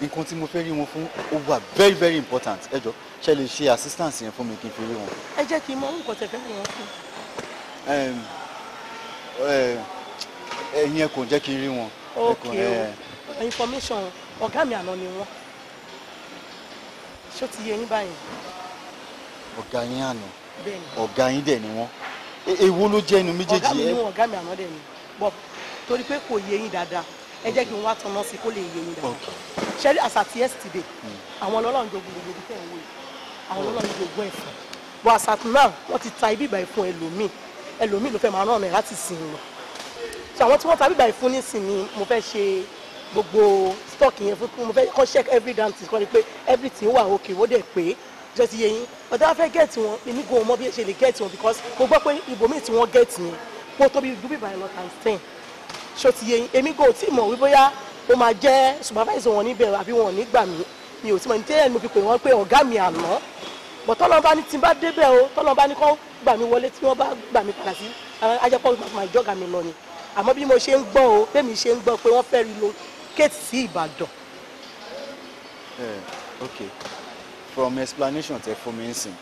nǹkan tí mo fẹ́ rí wọn fún ó very very important ẹ jọ ṣe lè ṣe assistance yẹn fún mi kí n fi rí wọn. ẹ jẹ́ kí n mọ nǹkan tẹ̀ fẹ́ rí wọn fún. Eh, ẹ̀yin ẹ kò jẹ́ kí n rí wọn. ok o eh. information ọ̀gá mi àná ni wọ́n ṣó ti yẹ yín báyìí. ọ̀gá yín àná ọ̀gá yín dẹ̀ ni wọ́n èwo e, ló jẹ́ inú méjèèjì ẹ. ọ̀gá mi ni wọn ọ̀gá mi àná dẹ̀ ni bọ́ torí pé kò yẹ yín dáadáa ẹ jẹ́ kí n wá tanná sí kó lè yẹ yín dáadáa ṣẹ́rí àsàtì yesterday hmm. àwọn ọlọ́run jogún gbogbo tẹ̀ ń wò yìí àwọn ọlọ́run jogún ẹ̀fọ́ bọ́ àsàtì náà wọ́n ti ta ibi ìbàyìí fún ẹlòmíì ẹlòmíì ló gbogbo stock yẹn fún mo fẹ́ kọ́ check every damn thing kọ́ ni pé everything wà òkè wọ́n dẹ̀ pé jẹ́ ti yẹ yín ọ̀dà fẹ́ get wọn èmi gan mọ bí ẹ ṣe lè gẹ̀ẹ́tì wọn because mo gbọ́ pé ibòmíì tí wọ́n Get yẹn kó tóbi dúbì báyìí lọ times ten ṣó ti yẹ yín èmi gan ò tí mọ̀ wí bóyá ó máa jẹ́ supervisor wọn níbẹ̀ àbí wọn ò ní gbà mí mi ò tí mọ̀ ní tẹ́lẹ̀ ni mo fi pè wọ́n pé ọ̀gá mi àná bọ̀ tọ́lọ́ bá ní tí n bá débẹ̀ o tọ́lọ́ bá ní kọ́ gbà mí wọlé tí wọ́n bá gbà mí padà sí ajẹ́pọ̀ gbàgbọ́ àjọ́gà mi lọ ni àmọ́ bí mo ṣe ń gbọ́ o bẹ́ẹ̀ mi ṣe ń gbọ́ pé wọ́n fẹ́ rí lo relocate sí Ìbàdàn. okay from explanation tẹ fún mi nsìn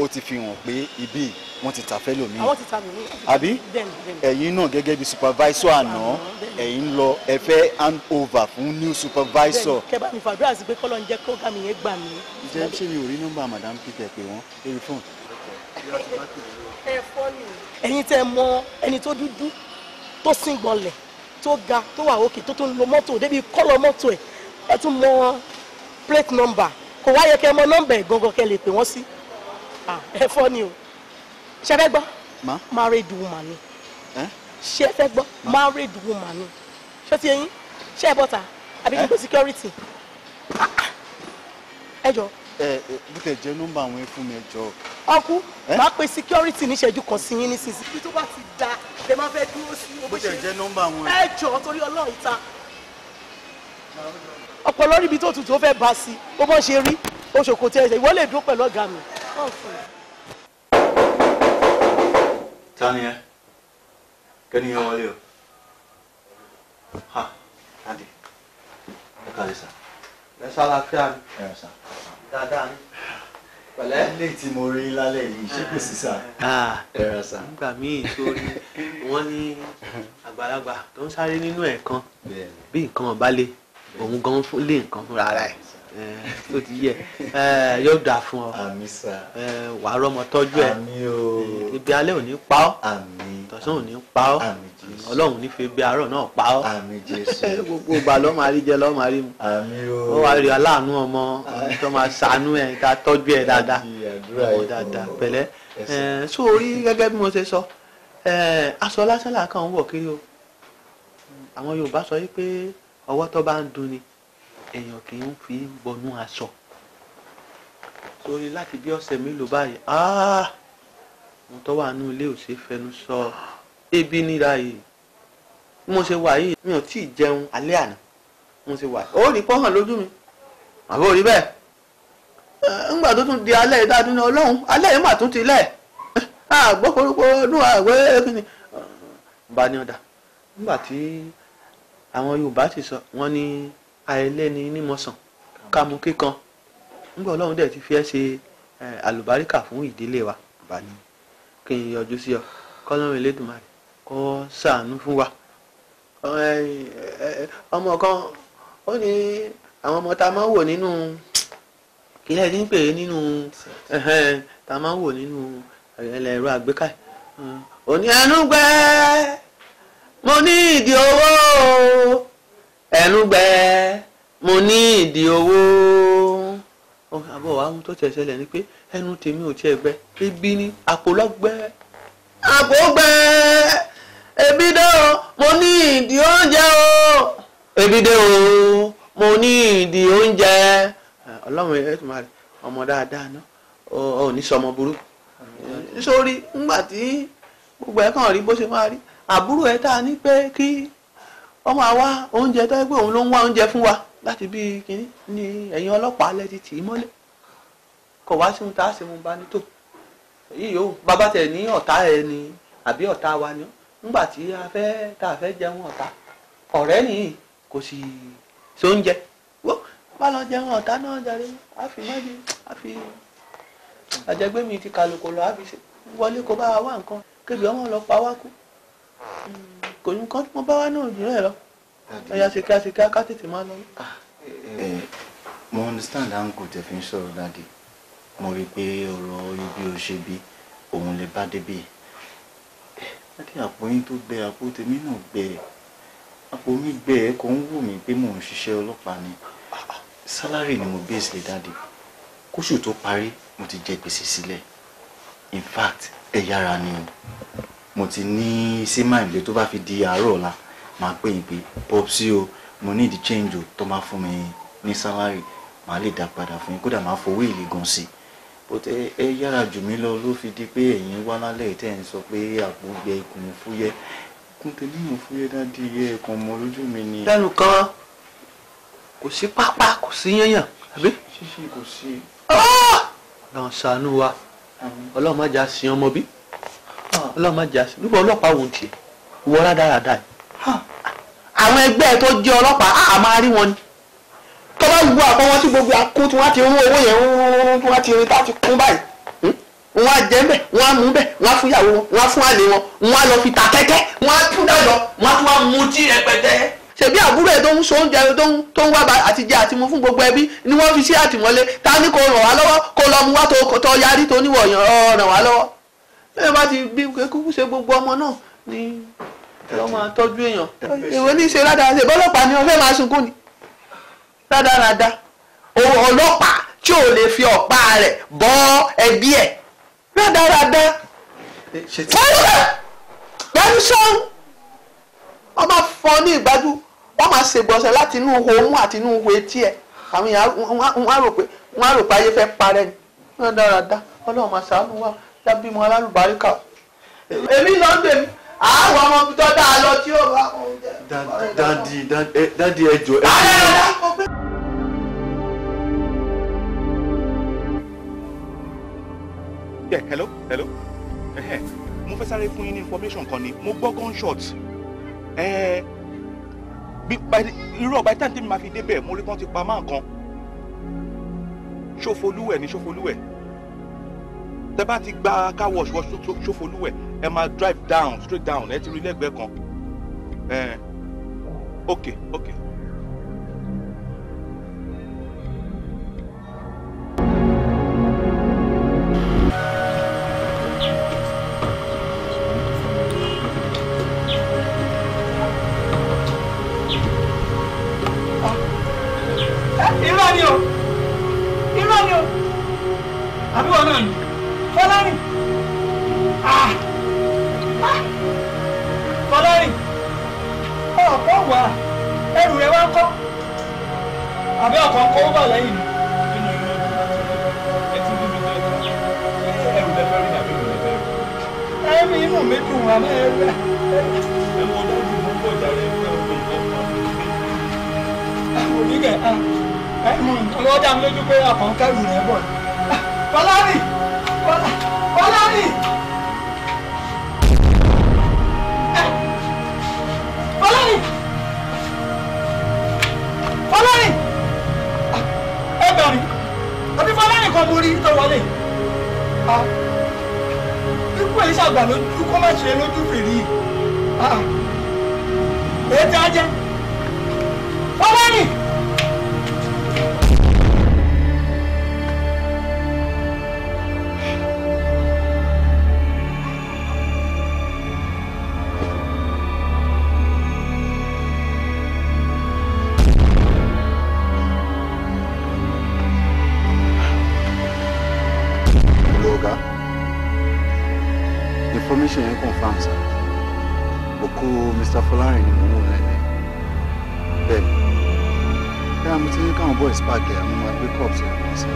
ó ti fi hàn pé ibi wọn ti tà fẹ́ lómi àbí ẹ̀yin náà gẹ́gẹ́ bí supervisor àná ẹ̀yin ń lọ ẹ fẹ́ hand over fún new supervisor. kẹ bá mi fàdúrà sí pé kọ́lọ́ ń jẹ́ kó gàmì yẹn gbà mí. ǹjẹ́ ṣé mi ò rí nọ́mbà madam peter pé wọ́n lórí fóònù. ẹ̀yin tẹ́ mọ ẹni tó dúdú tó síngbọnlẹ̀ tó ga tó wà òkè tó tún lo mọ́tò débi kọ́lọ̀ mọ́tò ẹ̀ ẹ tún mọ plate number kò wá yẹ kẹ́ mọ nọ́mbà ẹ̀ gangan kẹ́ lè pè wọ́n sí ẹ fọ́ ni o ṣe fẹ́ gbọ́ married woman ni ṣe fẹ́ gbọ́ married woman ni ṣé ti yẹn ṣe é bọ́ta àbí kí n pè security ah, ah. ẹ jọ ẹ bó tẹ jẹ nọ́mbà àwọn ẹ fún mi ẹjọ. ọkú máa pe security níṣẹ́jú kan sí yín nísinsìnyí. ibi tó bá ti da lè máa fẹ́ dúró sí owó ṣe. bó tẹ jẹ nọ́mbà àwọn ẹ. ẹjọ torí Ọlọ́run ta. ọ̀pọ̀ lórí ibi tó tutù ó fẹ́ bá sí bó bọ́ ṣe rí oṣòkò tí ẹ ṣe ìwọ lè dúró pẹ̀lú ọ̀gá mi. ta ni ẹ kẹ́ni yẹn wọlé o ha adi ẹ kàlẹ́ sá. ẹ sá láfíà ni dáadáa ni. pẹ̀lẹ́ ilé tí mo rí lálẹ́ yìí ṣé kò sí sà. ẹ̀rọ sà. nígbà míì sórí wọ́n ní àgbàlagbà tó ń sáré nínú ẹ̀ kan bí nǹkan ọ̀bálẹ̀ òun gan lé nǹkan fúnra rẹ̀ tó ti yẹ yóò dà fún ọ wà á rọmọ tọ́jú ẹ ibi alẹ́ ò ní pa ọ́ tọ̀sán ò ní pa ọ́ ọlọ́run ní fi ibi àárọ̀ náà pa ọ́ gbogbo ìgbà lọ́ọ́ máa rí jẹ lọ́ọ́ máa rí mu ó wàá rí aláàánú ọmọ tó máa ṣàánú ẹ ká tọ́jú ẹ dáadáa ọmọ dáadáa pẹ̀lẹ́ so orí gẹ́gẹ́ bí mo ṣe sọ aṣọ lásán làákàn ń wọ̀ kiri o àwọn Yorùbá sọ yìí pé ọwọ́ tó bá ń dun ni èèyàn kì í fi ń bọnú aṣọ sórí láti bí ọ̀sẹ̀ mélòó báyìí mo ah, tọ́ wà nínú ilé ò ṣe fẹnu sọ ebi níra yìí bí mo ṣe wà yìí mi ò tí ì jẹun alẹ́ àná mo ṣe wà ó rí pọ́hàn lójú mi àbó rí bẹ́ẹ̀ eh, ńgbà tó tún di alẹ́ ìdádúná ọlọ́run alẹ́ yìí mà tún ti lẹ̀ àgbọ́kọ́rọ́kọ́ eh, ah, ọdún àgbẹ̀ ah, kìíní bá ní ọ̀dà nígbà tí àwọn Yorùbá ti sọ wọ́n ní. àìlẹ́ni nímọ̀sán kàmú kíkan ńgbà ọlọ́run dẹ̀ ti fi ẹ́ ṣe àlùbáríkà fún ìdílé wa Bani ní kí n yọjú sí ọ kọ́lọ́run elédùnmarè kó ṣàánú fún wa ọmọ kan ó ní àwọn ọmọ tá a máa ń wò nínú kí ẹ ní pè é nínú tá a máa ń wò nínú ẹ̀rọ àgbéká òní ẹnu gbẹ mo ní ìdí owó ẹnugbẹ mo ní ìdí owó àbọ̀ àwọn tó tẹ̀ ṣẹlẹ̀ ni pé ẹnu tèmi ò tiẹ̀ gbẹ ebi ni àpò lọ́gbẹ àpò gbẹ ebi dé o mo ní ìdí oúnjẹ o ebi dé o mo ní ìdí oúnjẹ ọlọ́run ẹ̀ tó máa rẹ̀ ọmọ dáadáa náà ò ní sọmọ burúkú sórí ńgbà tí gbogbo ẹ̀ kàn rí bó ṣe máa rí àbúrò ẹ̀ tá a ní pé kí ọmọ àwa oúnjẹ tó yẹ pé òun ló ń wá oúnjẹ fún wa láti bí kínní ni ẹ̀yin ọlọ́pàá lẹ́ti tì í mọ́lẹ̀ kọ̀ wá sí ohun tá a ṣe mú bá ní tò èyí yòó bàbá tẹ̀ ní ọ̀tá ẹ ni àbí ọ̀tá wa ni nígbà tí a fẹ́ tá a fẹ́ jẹun ọ̀tá ọ̀rẹ́ nìyí kò sì sóúnjẹ wọ́n bá lọ jẹun ọ̀tá náà jàre àfi mọ́jú àfi àjẹgbé mi ti kàlùkò lọ àfi wọlé kó bá wa wá nǹkan kébi ọmọ lọ wá kú. Hmm kò ní nǹkan tí bá wá náà jù rẹ̀ lọ ẹ̀yà ṣèkà ṣèkà ká tètè máa lọ. Ah, eh, eh, mo understand uncle tẹ fi ń sọ̀rọ̀ dáadé mo rí i pé ọ̀rọ̀ ibi ò ṣe bí òun lè bá débi láti eh, àpò yín tó gbẹ àpò tèmi náà gbẹ àpò mi gbẹ ẹ kò ń wù mí pé mò ń ṣiṣẹ́ ọlọ́pàá ni ah, ah, sálárì ni mo base lè dáadé kóṣù tó parí mo ti jẹ gbèsè sílẹ̀ in fact ẹ yára ni o mo ti ní sí máìlì tó bá fi di àárọ̀ ọ̀la màá pè yín pé popsi o mo ní ìdí change o tó máa fún mi ní sálárì màá lè dá padà fún yín kódà màá fowó ìlì gan sí i bóte ẹ yára jù mí lọ ló fi di pé ẹ̀yin wá lálẹ́ tẹ́ ẹ̀ ń sọ pé àpò gbẹ ikùn fúyẹ́ kúnte níwọ̀n fúyẹ́ dáadé iye ẹ̀kan ọmọ lójú mi ni. lẹ́nu kan kò sí pápá kò sí yányàn àbí. ṣíṣe kò sí. Ah! ọlọ́run ṣàánú wa ọlọ́run má jà sí ọmọ bí ọlọ́run má jà sí nígbà ọlọ́pàá wò ó tiẹ̀ wọ rádaràda àwọn ẹgbẹ́ tó jẹ́ ọlọ́pàá a máa rí wọn ni tó bá gbogbo àpọ́wọ́n tí gbogbo akó tí wọ́n ti rún owó yẹn rún tí wọ́n ti rin tá ti kún báyìí hmm? wọ́n á jẹ́ mbẹ́ wọ́n á mú mbẹ́ wọ́n á fún ìyàwó wọn wọ́n á fún àlè wọn wọ́n á lọ fi ta kẹ́kẹ́ wọ́n á tún dá lọ wọ́n á tún wá mú tí rẹpẹtẹ. ṣebí àbúrò ẹ tó ń so oúnjẹ tó ń wá ba àtijẹ àti mu fún gbogbo ẹbí ni wọ́n fi sí àtìmọ́lé ta ni kò ràn wá lọ́wọ́ kó lọ mú wá tó yarí tó níwọ̀nyàn ràn wá lọ́wọ́ ẹ bá ti bí kúkú ṣe gbogbo ọmọ náà ni wọ́n máa tọ́jú èèyàn ìwé ní ṣe ládàá ṣe bọ́lọ́pàá ni wọ́n fẹ́ máa sunkún ni ọlọ́pàá tí ò lè fi ọ̀pá rẹ̀ bọ́ ẹbí ẹ̀ rádaràda fọlọ́ bẹ́ẹ̀ wọ́n máa fọ ní ìgbájú wọ́n máa láti inú àti inú àwọn èèyàn wọ́n á rò pé ayé fẹ́ parẹ́ ni ọlọ́run máa lábímọ alálùbáríkà èmi lọ ń dèmi àwọn ọmọ tó dáa lọ tí ó bá wọn jẹ. dandi dandi eh, ẹjọ ẹ. Yeah, hello, hello. mo fẹ́ sáré fún yín ní information kan ni mo gbọ́ gunshot irú ọba ìtàn tí mi máa fi débẹ̀ mo rí kán ti pa máa kan ṣòfolúwẹ̀ ní ṣòfolúwẹ̀ tẹ bá ti gba car wash wash ṣòfò olúwẹ̀ ẹ máa drive down straight down ẹ ti rí lẹ́gbẹ̀ẹ́ kan ok ok. àbí ọ̀kan kó wà lẹ́yìn mi. ẹ̀mí inú mi dùn àmọ́ ẹ̀rẹ́. ẹ̀wọ̀n lọ́dún mú bọ̀ jáde ẹ̀wọ̀n ẹ̀wọ̀n nǹkan kan. àwọn oníkẹ́ ẹ̀mọ̀ nǹkan lọ́wọ́ dá mi lójú pé àpọ̀ ń kẹ́rù rẹ̀ bọ̀. Fọlárì ah, Fọlárì. Fọlárì eh, Fọlárì. borí tó wọlé ah. ikú èyí ṣàgbà lójú kó má ṣe lójú fèrè yìí ah. èyí tí a jẹ fọwọ́ rìn. space park ẹ̀ àwọn ọmọ ẹgbẹ́ cups ẹ̀ wọ́n sọ.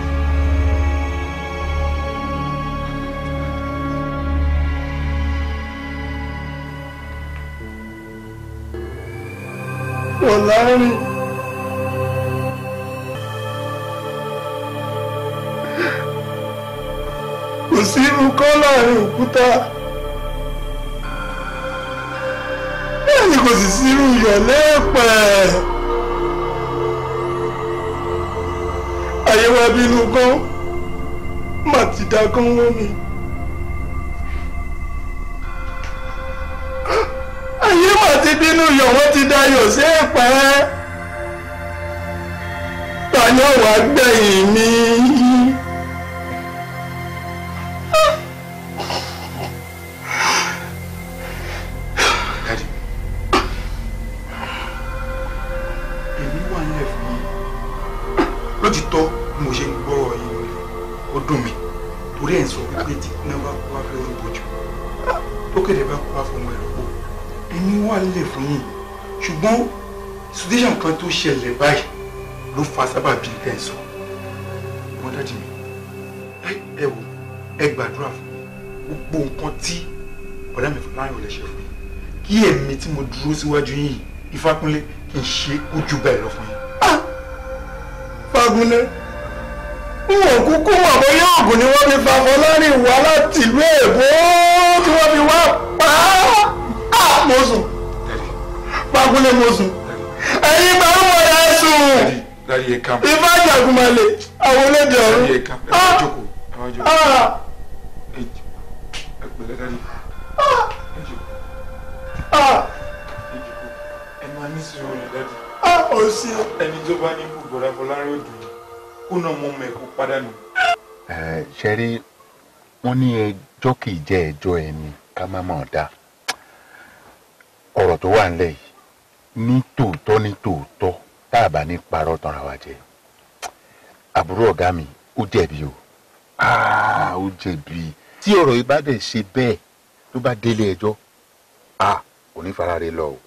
Ọ̀làrin. wá bínú gan má ti dá gan wọ́n mi. ayé má ti bínú yọ̀ wọ́n ti dá yọ̀ sí ẹ̀pẹ́. ta ni gbẹ̀yìn mi. tí mo dúró síwájú yìí ìfapínlẹ̀ kì í ṣe ojú bẹ́ẹ̀ lọ fún yín. Ah! fagunlé wọn kúkú mọ̀ bóyá oògùn ni wọ́n fi fa fọlọ́rìn wá láti ìlú èbó tí wọ́n fi wá pa á ah! mo sùn fagunlé mo sùn ẹ̀yin máa ń wọlé ẹ̀sùn ìfájà àgùnmalè àwọn olóde ọ̀run. o ṣe. ẹni tó bá ní kú bọ̀dá fọlárin òdù kó náà mọ ọmọ ẹ̀kọ́ pàdánù. ṣẹ́rí wọ́n ní ẹjọ́ kì í jẹ́ ẹjọ́ ẹni ká má máa dá ọ̀rọ̀ tó wà ńlẹ̀ yìí ní tòótọ́ ní tòótọ́ tá a bá ní parọ́ tanra wa jẹ àbúrò ọ̀gá mi ó jẹ̀bi o ah, ó jẹ̀bi tí ọ̀rọ̀ yìí bá dẹ̀ ṣe bẹ́ẹ̀ tó bá délé ẹjọ́ ah, kò ní fara rẹ̀ lọ o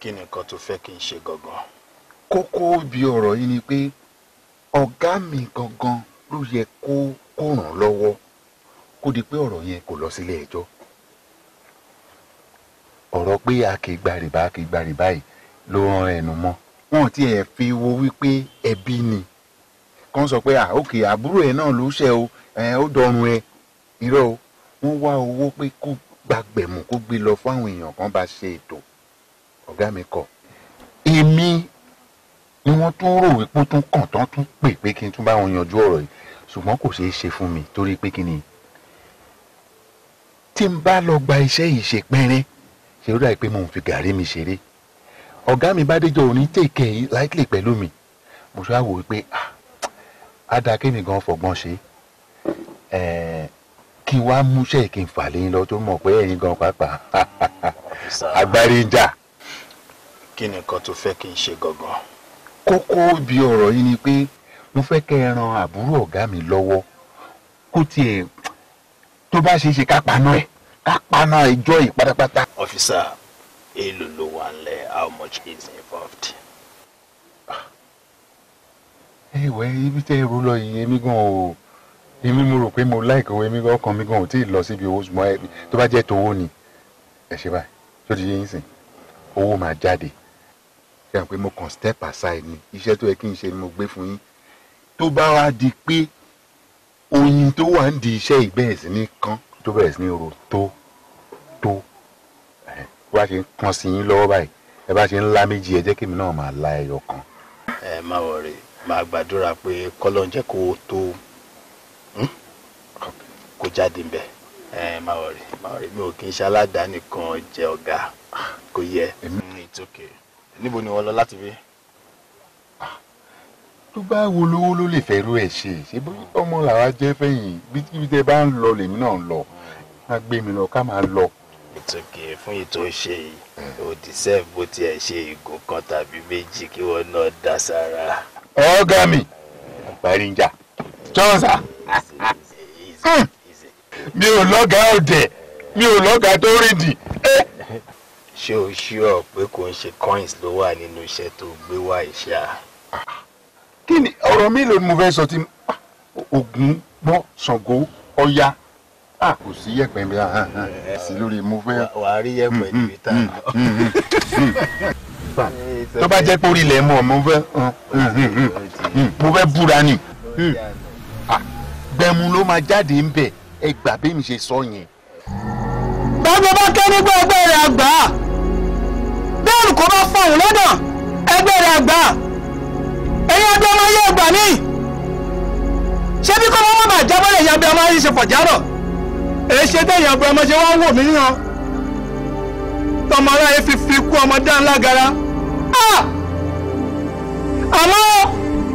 kí ni nǹkan tó fẹ́ kí n ṣe gangan. kókó ibi ọ̀rọ̀ yìí ni pé ọ̀gá mi gangan ló yẹ kó kó ràn lọ́wọ́ kó di pé ọ̀rọ̀ yẹn kò lọ sílé ẹjọ́ ọ̀rọ̀ pé akégbàrìbá akégbàrìbá yìí ló rán ẹnu mọ́ wọn ti ẹ̀ fi wo wípé ẹbí ni kàn sọ pé òkè àbúrò ẹ náà ló ṣe o ó dọrùn ẹ irọ́ o wọ́n wá owó pé kó gbàgbẹ̀mù kó gbé lọ fún àwọn èèyàn kan bá ṣe ètò ọ̀gá mi kọ̀ èmi ni wọ́n tún rò wípé tún kàn tán tún pè pé kí n tún bá wọn yanjú ọ̀rọ̀ yìí ṣùgbọ́n kò ṣeé ṣe fún mi torí pé kí ni tí n bá lọ gba iṣẹ́ yìí ṣe pẹ́rín ṣe ló dà pé mo ń fi gàrí mi ṣeré ọ̀gá mi bádéjọ òní tèkẹ́ yìí láìpẹ́ pẹ̀lú mi mo ṣe wá wò wípé àdàkẹ́ ah, mi gan fọgbọ́n ṣe kí n wá múṣẹ́ kí n fà lẹ́yìn lọ tó mọ̀ pé ẹ̀yin gan pàápàá agbárí ń jà kí ni nǹkan tó fẹ́ kí n ṣe gangan. kókó ibi ọ̀rọ̀ yìí ni pé mo fẹ́ kẹ́ ẹ ran àbúrò ọ̀gá mi lọ́wọ́ kó tiẹ̀ tó bá ṣe é ṣe ká paná ẹ̀ ká paná ẹjọ́ yìí pátápátá. ọ̀fíìsà èèlò ló wà ńlẹ̀ how much is involved. ẹ wẹ ibi tẹ ẹrú lọ yìí èmi gan o èmi mo rò pé mo láìkè owó èmi ọkàn mi gan ò tí ì lọ síbi owó ṣùgbọ́n tó bá jẹ́ tówó ni ẹ ṣe báyìí tó ti yé yín sìn owó máa jáde yà pé mo kàn step aside ni iṣẹ́ tó yẹ kí n ṣe ni mo gbé fún yín tó bá wá di pé oyin tó wà ń di iṣẹ́ ìbẹ̀rẹ̀ sí ní kán tó bẹ̀rẹ̀ sí ní ro tó tó bá ṣe ń kan sí yín lọ́wọ́ báyìí ẹ bá ṣe ń la méjì ẹ jẹ́ kí èmi náà máa la ẹyọ kan. ẹ má wọrí máa gbàdúrà pé kọ́lọ́n jẹ́ tó hmm? kó jáde ń ẹ má wọrí má wọrí mi ò kí ń ṣe aládàá nìkan jẹ ọ̀gá kò yẹ. it's okay níbo ni wọ́n lọ láti bí. Ah, tó bá wo lówó ló lè fẹ́rù ẹ̀ ṣe ṣé bóyá ọmọ làwa jẹ́ fẹ̀yìn bí kíbi tẹ bá ń lọ lèmi náà ń lọ má gbé mi lọ ká máa lọ. ìtòkè fún ètò ṣe yìí ò dìsẹ́ẹ̀ bó tiẹ̀ ṣe ìgò kan tàbí méjì kí wọ́n náà dá sára. ọ̀gá mi parí ń jà jọ́sà mi ò lọ́gàá òdẹ̀ mi ò lọ́gàá tó rìndì ṣé o ṣíọ pé kò ń ṣe coins ló wà nínú iṣẹ́ tó gbé wá ìṣá. kí ni ọ̀rọ̀ mi ló mo fẹ́ sọ ti ah, Ògún gbọ́ Ṣàngó Ọya ah, kò sí yẹ̀pẹ̀ mi ah, sí lórí mo fẹ́. wà á rí yẹ̀pẹ̀ mm, mm, níbi tá a mm, lọ. tó bá jẹ́ pé orí ilẹ̀ mọ̀ mo fẹ́ mo fẹ́ búra ni gbẹ̀mú ló máa jáde ń bẹ̀ ẹ gbà bẹ́ẹ̀ mi ṣe sọ yẹn. bá bá kẹ́ nígbà ẹgbẹ́ rẹ̀ àgbà kálukú bá fọhùn lọ́dọ̀ ẹgbẹ́ rẹ̀ àgbà ẹ̀yin ẹgbẹ́ ọmọ yẹ ẹgbà mí ṣé bí kọ́ mọ́mọ́ bá jábọ́ lè yàgbẹ́ ọmọ yìí ṣe fọ̀járọ̀ èyí ṣe tẹ́ ìyàgbẹ́ ọmọ ṣe wá ń wò mí yàn tọmọ aráyé fi fi kú ọmọ dá àmọ́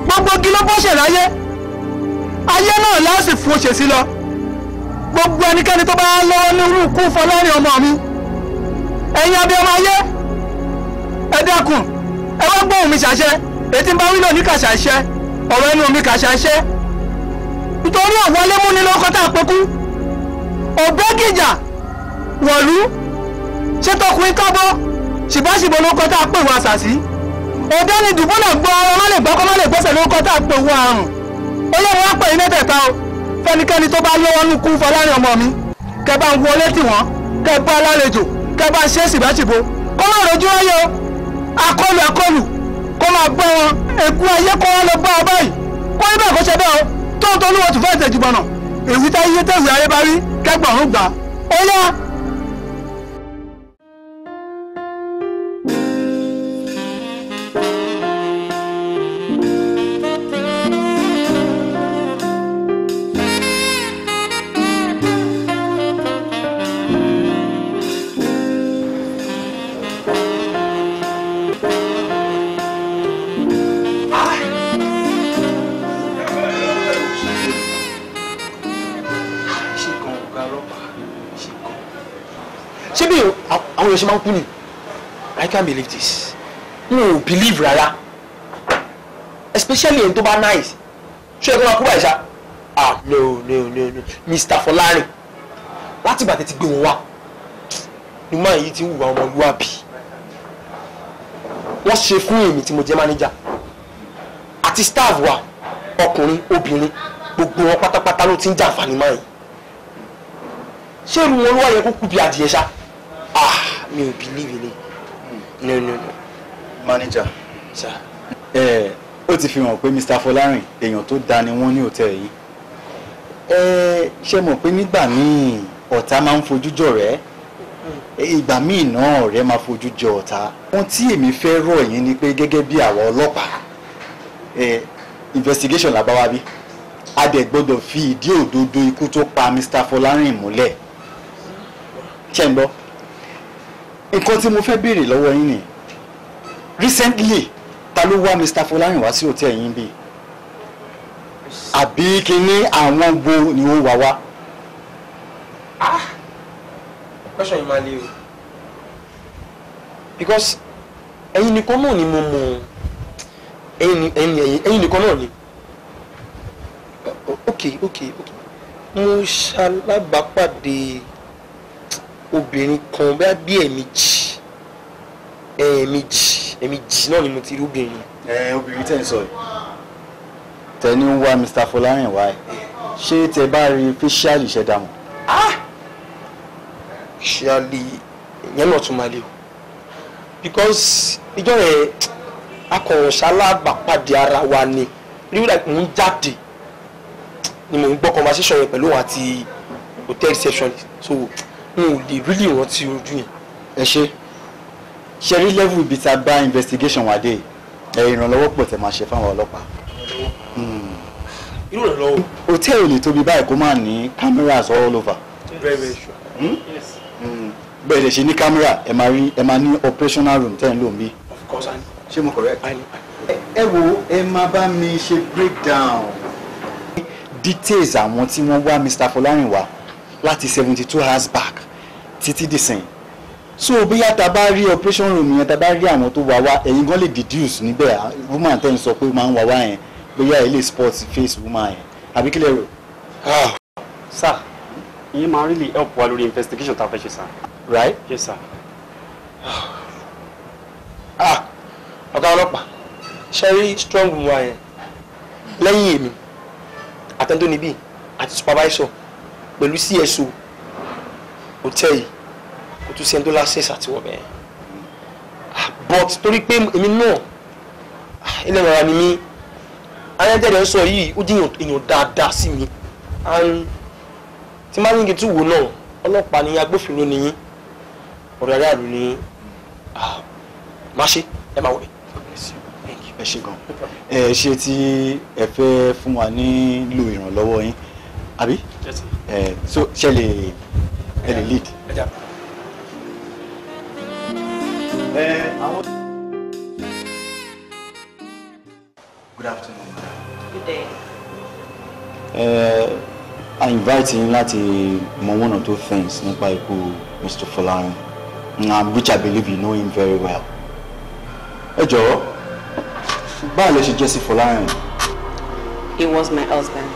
gbogbo igi ló bọ́ṣẹ̀ láyé ayé náà láti fún ṣe sí lọ gbogbo ẹnikẹ́ni tó bá lọ́wọ́ ní irú ikú fọlọ́rin ọmọ mi ẹ̀yin abiyamọ ayé ẹ dákun ẹ wá gbóhùn mi ṣàṣẹ ètí ń bá wílò ní kà ṣàṣẹ ọ̀rọ̀ ẹnu mi kà ṣàṣẹ nítorí ọ̀wọ́lé múni lọ́kọ́ tá a pẹ́kú ògbẹ́gìjà wọ̀lú ṣé tọkùnrin kábọ́ ṣìbáṣìbò lóko tá a pè wá sàṣì ọdẹ ni dùbúlà gbọ́ ọ̀rọ̀ má lè gbọ́ kọ́ má lè gbọ́sẹ̀ lóko tá a pè wá àrùn ó yẹ wọn pè ní tẹ̀ta o fẹnikẹ́ni tó bá lọ́wọ́ nù kú fọlárin ọmọ mi kẹ bá ń wọlé tì wọ́n kẹ bá lálejò kẹ bá ṣe ṣìbáṣìbò kọ́ má rojú ọyọ akọlù akọlù kó máa gbọ́ wọn èkú ayé kó wọn lọ bá ọ báyìí kó ibà kó ṣe bẹ́ẹ̀ o tó ń tolúwọ̀ tó fẹ́ẹ̀ tẹ̀jú bọ̀nà èyí tá iye tẹ̀sí ayé bá rí kẹgbọ̀n ọ̀run gbà ó yá báwo ṣe máa ń kú ni i can't believe this mi ò believe rárá especially ẹni tó bá nice ṣé ẹ kó máa kú báyìí ṣá ah no no no no mr folarin láti ìgbà tẹ́tí gbé wọn wá ni máa yìí ti ń wùwà ọmọlúwàbí wọ́n ṣe fún èmi tí mo jẹ́ mánéjà àti staff wa ọkùnrin obìnrin gbogbo wọn pátápátá ló ti ń jàǹfààní máa yìí ṣé irú wọn ló wáyé kó kú bí adìyẹ ṣáá mi ò believe ni hmm. no no no. manager sir. ẹ ó ti fi hàn pé Mr. Fọlárin èèyàn tó dáa ni wọ́n ní òtẹ́ẹ̀ yìí ẹ ṣe mọ̀ pé nígbà míì ọ̀tá máa ń fojú jọ̀rẹ́ hmm. ìgbà míì náà ọ̀rẹ́ máa fojú jọ ọ̀tá ohun tí èmi fẹ́ rọ̀ yín ni pé gẹ́gẹ́ bí àwọn ọlọ́pàá investigation la bá wá bí a dẹ̀ gbọ́dọ̀ fi ìdí òdodo ikú tó pa Mr. Fọlárin múlẹ̀ ṣé ń gbọ́ nǹkan tí mo fẹ́ béèrè lọ́wọ́ yín ni recently ta ló wá Mr. Fọláyìn wá sí òtẹ́ yín bí àbí kíní àwọn wo ni ó wà wá. Ah, question yìí máa le o because ẹ̀yin nìkan náà ni mo mọ̀ ẹ̀yin nìkan náà ni ok ok ok mo ṣalábàápàdé. Okay obìnrin kan bá bí ẹ̀ẹ̀mejì ẹ̀ẹ̀mejì ẹ̀ẹ̀mejì náà ni mo ti rí obìnrin. ẹ obìnrin tẹ̀ ń sọ yìí tẹni ń wá Mr. Fọlárin wá ẹ ṣé tẹ bá rí fíṣíàlì ṣe dàmú. fíṣíàlì yẹn náà tún máa le o because ìjọ yẹn akọ̀rọ̀ṣálábàpàdé ara wa ni rírà mò ń jáde ni mò ń gbọ́ conversation yẹn pẹ̀lú òun àti hotel reception so n ò lè rí lè rántí ojú yẹn. ẹ ṣe ṣe rí level ibi tá a bá investigation wà dé ẹ ìrànlọ́wọ́ pọ̀ tẹ̀ máa ṣe fáwọn ọlọ́pàá. Hmm. irú rẹ̀ lọ́wọ́. hòtẹ́ẹ̀lì ò tóbi báyìí kó máa ní cameras all over. very very sure. Hmm? Hmm. bẹ́ẹ̀ lè ṣe ní camera ẹ máa rí ẹ máa ní operational room tẹ́ ń lò ń bí. of course i know. ṣé mo correct. i know ẹ wo ẹ máa bá mi ṣe breakdown details àwọn tí wọ́n wá Mr. Fọlárin wá láti seventy two hours back títí dìsìn so bóyá ta bá rí operation room yẹn ta bá rí àwọn tó wà wá ẹ̀yin gan lè deduce níbẹ̀ woman tẹ́ ń sọ pé máa ń wà wá yẹn bóyá ẹ̀ lè face woman yẹn àbí kílẹ̀ rò. Ah. sir ìyẹn máa really help wa lórí investigation tá a fẹ́ ṣe sir. right yes sir. ah ọ̀gá ọlọ́pàá ṣe rí strong woman yẹn lẹ́yìn èmi àtẹ̀ntó níbí àti supervisor pẹ̀lú CSO hòtẹ́ẹ̀lì kò tún sí ẹni tó láṣẹ̀ṣ àti wọ̀ bẹ́ẹ̀ ah, but torí pé èmi náà ah, ilẹ̀ ìrora ni mí ayẹ́tẹ̀lẹ̀ ń sọ yìí ó jẹ́ èèyàn dáadáa sí mi tí máa ń yìí tún wò náà ọlọ́pàá ni agbófinró ni yín ọ̀rọ̀ aráàlú ni ah, má ṣe ẹ máa wẹ̀ ẹ ṣe gan ẹ ṣe tí ẹ fẹ́ fún wa nílò ìrànlọ́wọ́ yín àbí ẹ so ṣe lè ẹ lè Good afternoon, Good day. Uh, I invite yín láti mọ one or two things by ikú Mr. Folarin, which I believe you know him very well. Hey Joe, báwo lẹ ṣe jẹ́ sí He was my husband.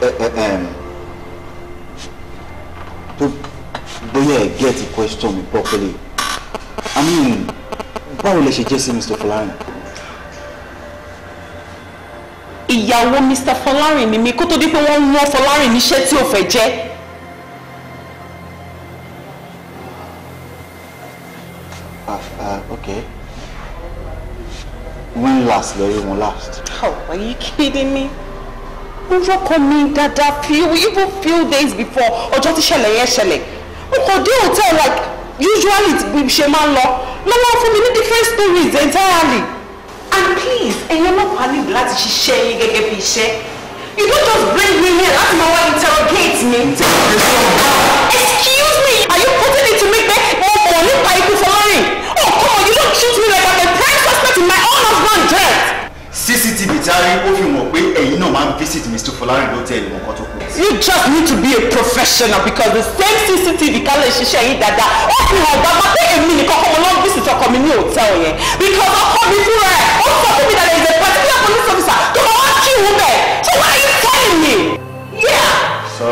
Uh, uh, um, to bóyá ẹ get the question mi properly i mean báwo will she just sí mr fọlárin. ìyàwó mr fọlárin ni mi kó to di pé wọ́n ń wọ́n fọlárin níṣẹ́ tí ò fẹ́ jẹ́. Ah, ah, okay when last lórí wọn last. oh are you kidding me mo rọkọ mi dáadáa few even few days before ọjọ́ tí ṣẹlẹ̀ yẹn ṣẹlẹ̀ kò dé hotel like usually ṣe máa ń lọ lọ́wọ́ fún mi ní different stories entirely and please ẹ̀yin ọlọ́pàá níbi láti ṣiṣẹ́ yín gẹ́gẹ́ bí iṣẹ́ you don't just bring me here láti máa wá interrogate me. excuse me are you putting it to me pé mo mọ̀ nípa ikú Fọlọ́rìn oh come on you don't treat me like i'm a prime suspect in my own husband death cctv tari ó fi mọ̀ pé ẹ̀yin náà máa visit mr folarin hotel. ìmọ̀ kan tó kù. you just need to be a professional because the same cctv kálẹ̀ ṣiṣẹ́ yìí dáadáa ó fi hàn gbàgbà pé èmi nìkan kọ́ mo lọ́n visit ọkọ mi ní hòtẹ́ẹ̀lì yẹn because ọkọ mi fúnra ẹ̀ ó sọ fún mi that there is a particular police officer tó máa wá kí ìwú bẹ̀ so what are you telling me? yeah. so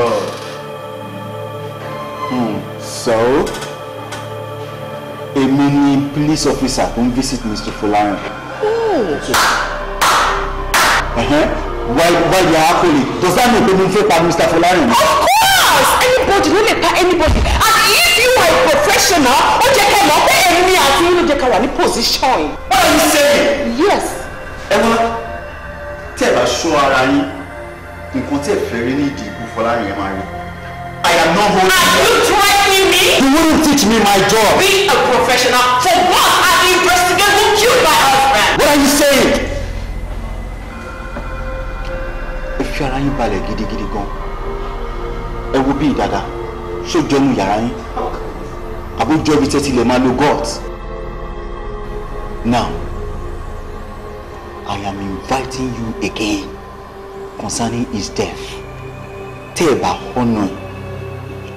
hmm. so èmi ni police officer tó visit mr folarin. Oh. So, Uh-huh. why why you are calling does that mean you mo ń fẹ́ Mr. Folarin. of course anybody ló lè pa anybody and if you are a professional ó jẹ́ kẹ́ mọ̀ pé èmi àti yín ló ká wà ní position. what are you saying. yes. ẹ wá tẹ́ ẹ bá ṣọ́ ara yín nǹkan tẹ́ ẹ fẹ́ rí ní ìdí ikú ẹ máa rí. I am not holding you. Are you threatening me? You wouldn't teach me my job. Be a professional. For what? are investigate who killed my husband. What are you saying? fi ara yín balẹ̀ gidigidi gan ẹ wo bí ìdàdà ṣó jọnu yàrá yín àbójọ ibi tẹ́tí lè máa lo god now i am inviting you again concerning his death tẹ́ ẹ bá ọ̀nà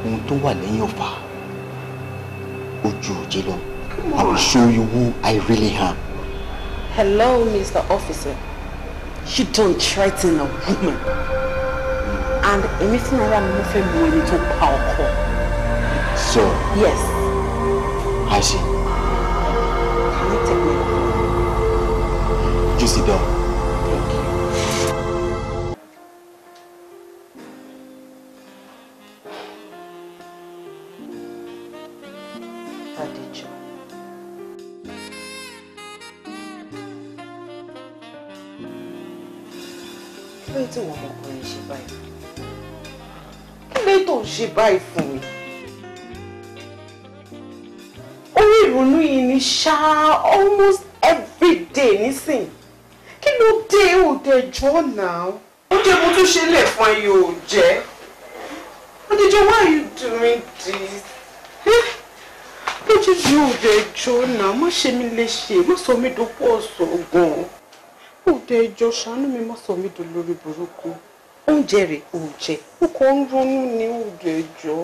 ohun tó wà lẹ́yìn ọ̀fà ojú òjé lọ i will show you who i really am. hello mr officer. She don't threaten a woman and anything fúnra rà mo fẹ́ mú ẹni tó pa so yes. I see. can you take me. just sit down. báyìí fún mi orí ìrònú yìí ni ṣá almost every day nísìn kí ló dé òde jọ náà ó dé mo tún ṣe lè fún ẹ yóò jẹ Adéjọ why are you doing this lójijì eh? òde jọ náà má ṣe mi léṣe má sọ mi dopò ọ̀sán gan òde jọ ṣàánú mi má sọ mi dolórí burúkú oúnjẹ rẹ̀ ò jẹ ó kàn ń ronú ní oúnjẹ jọ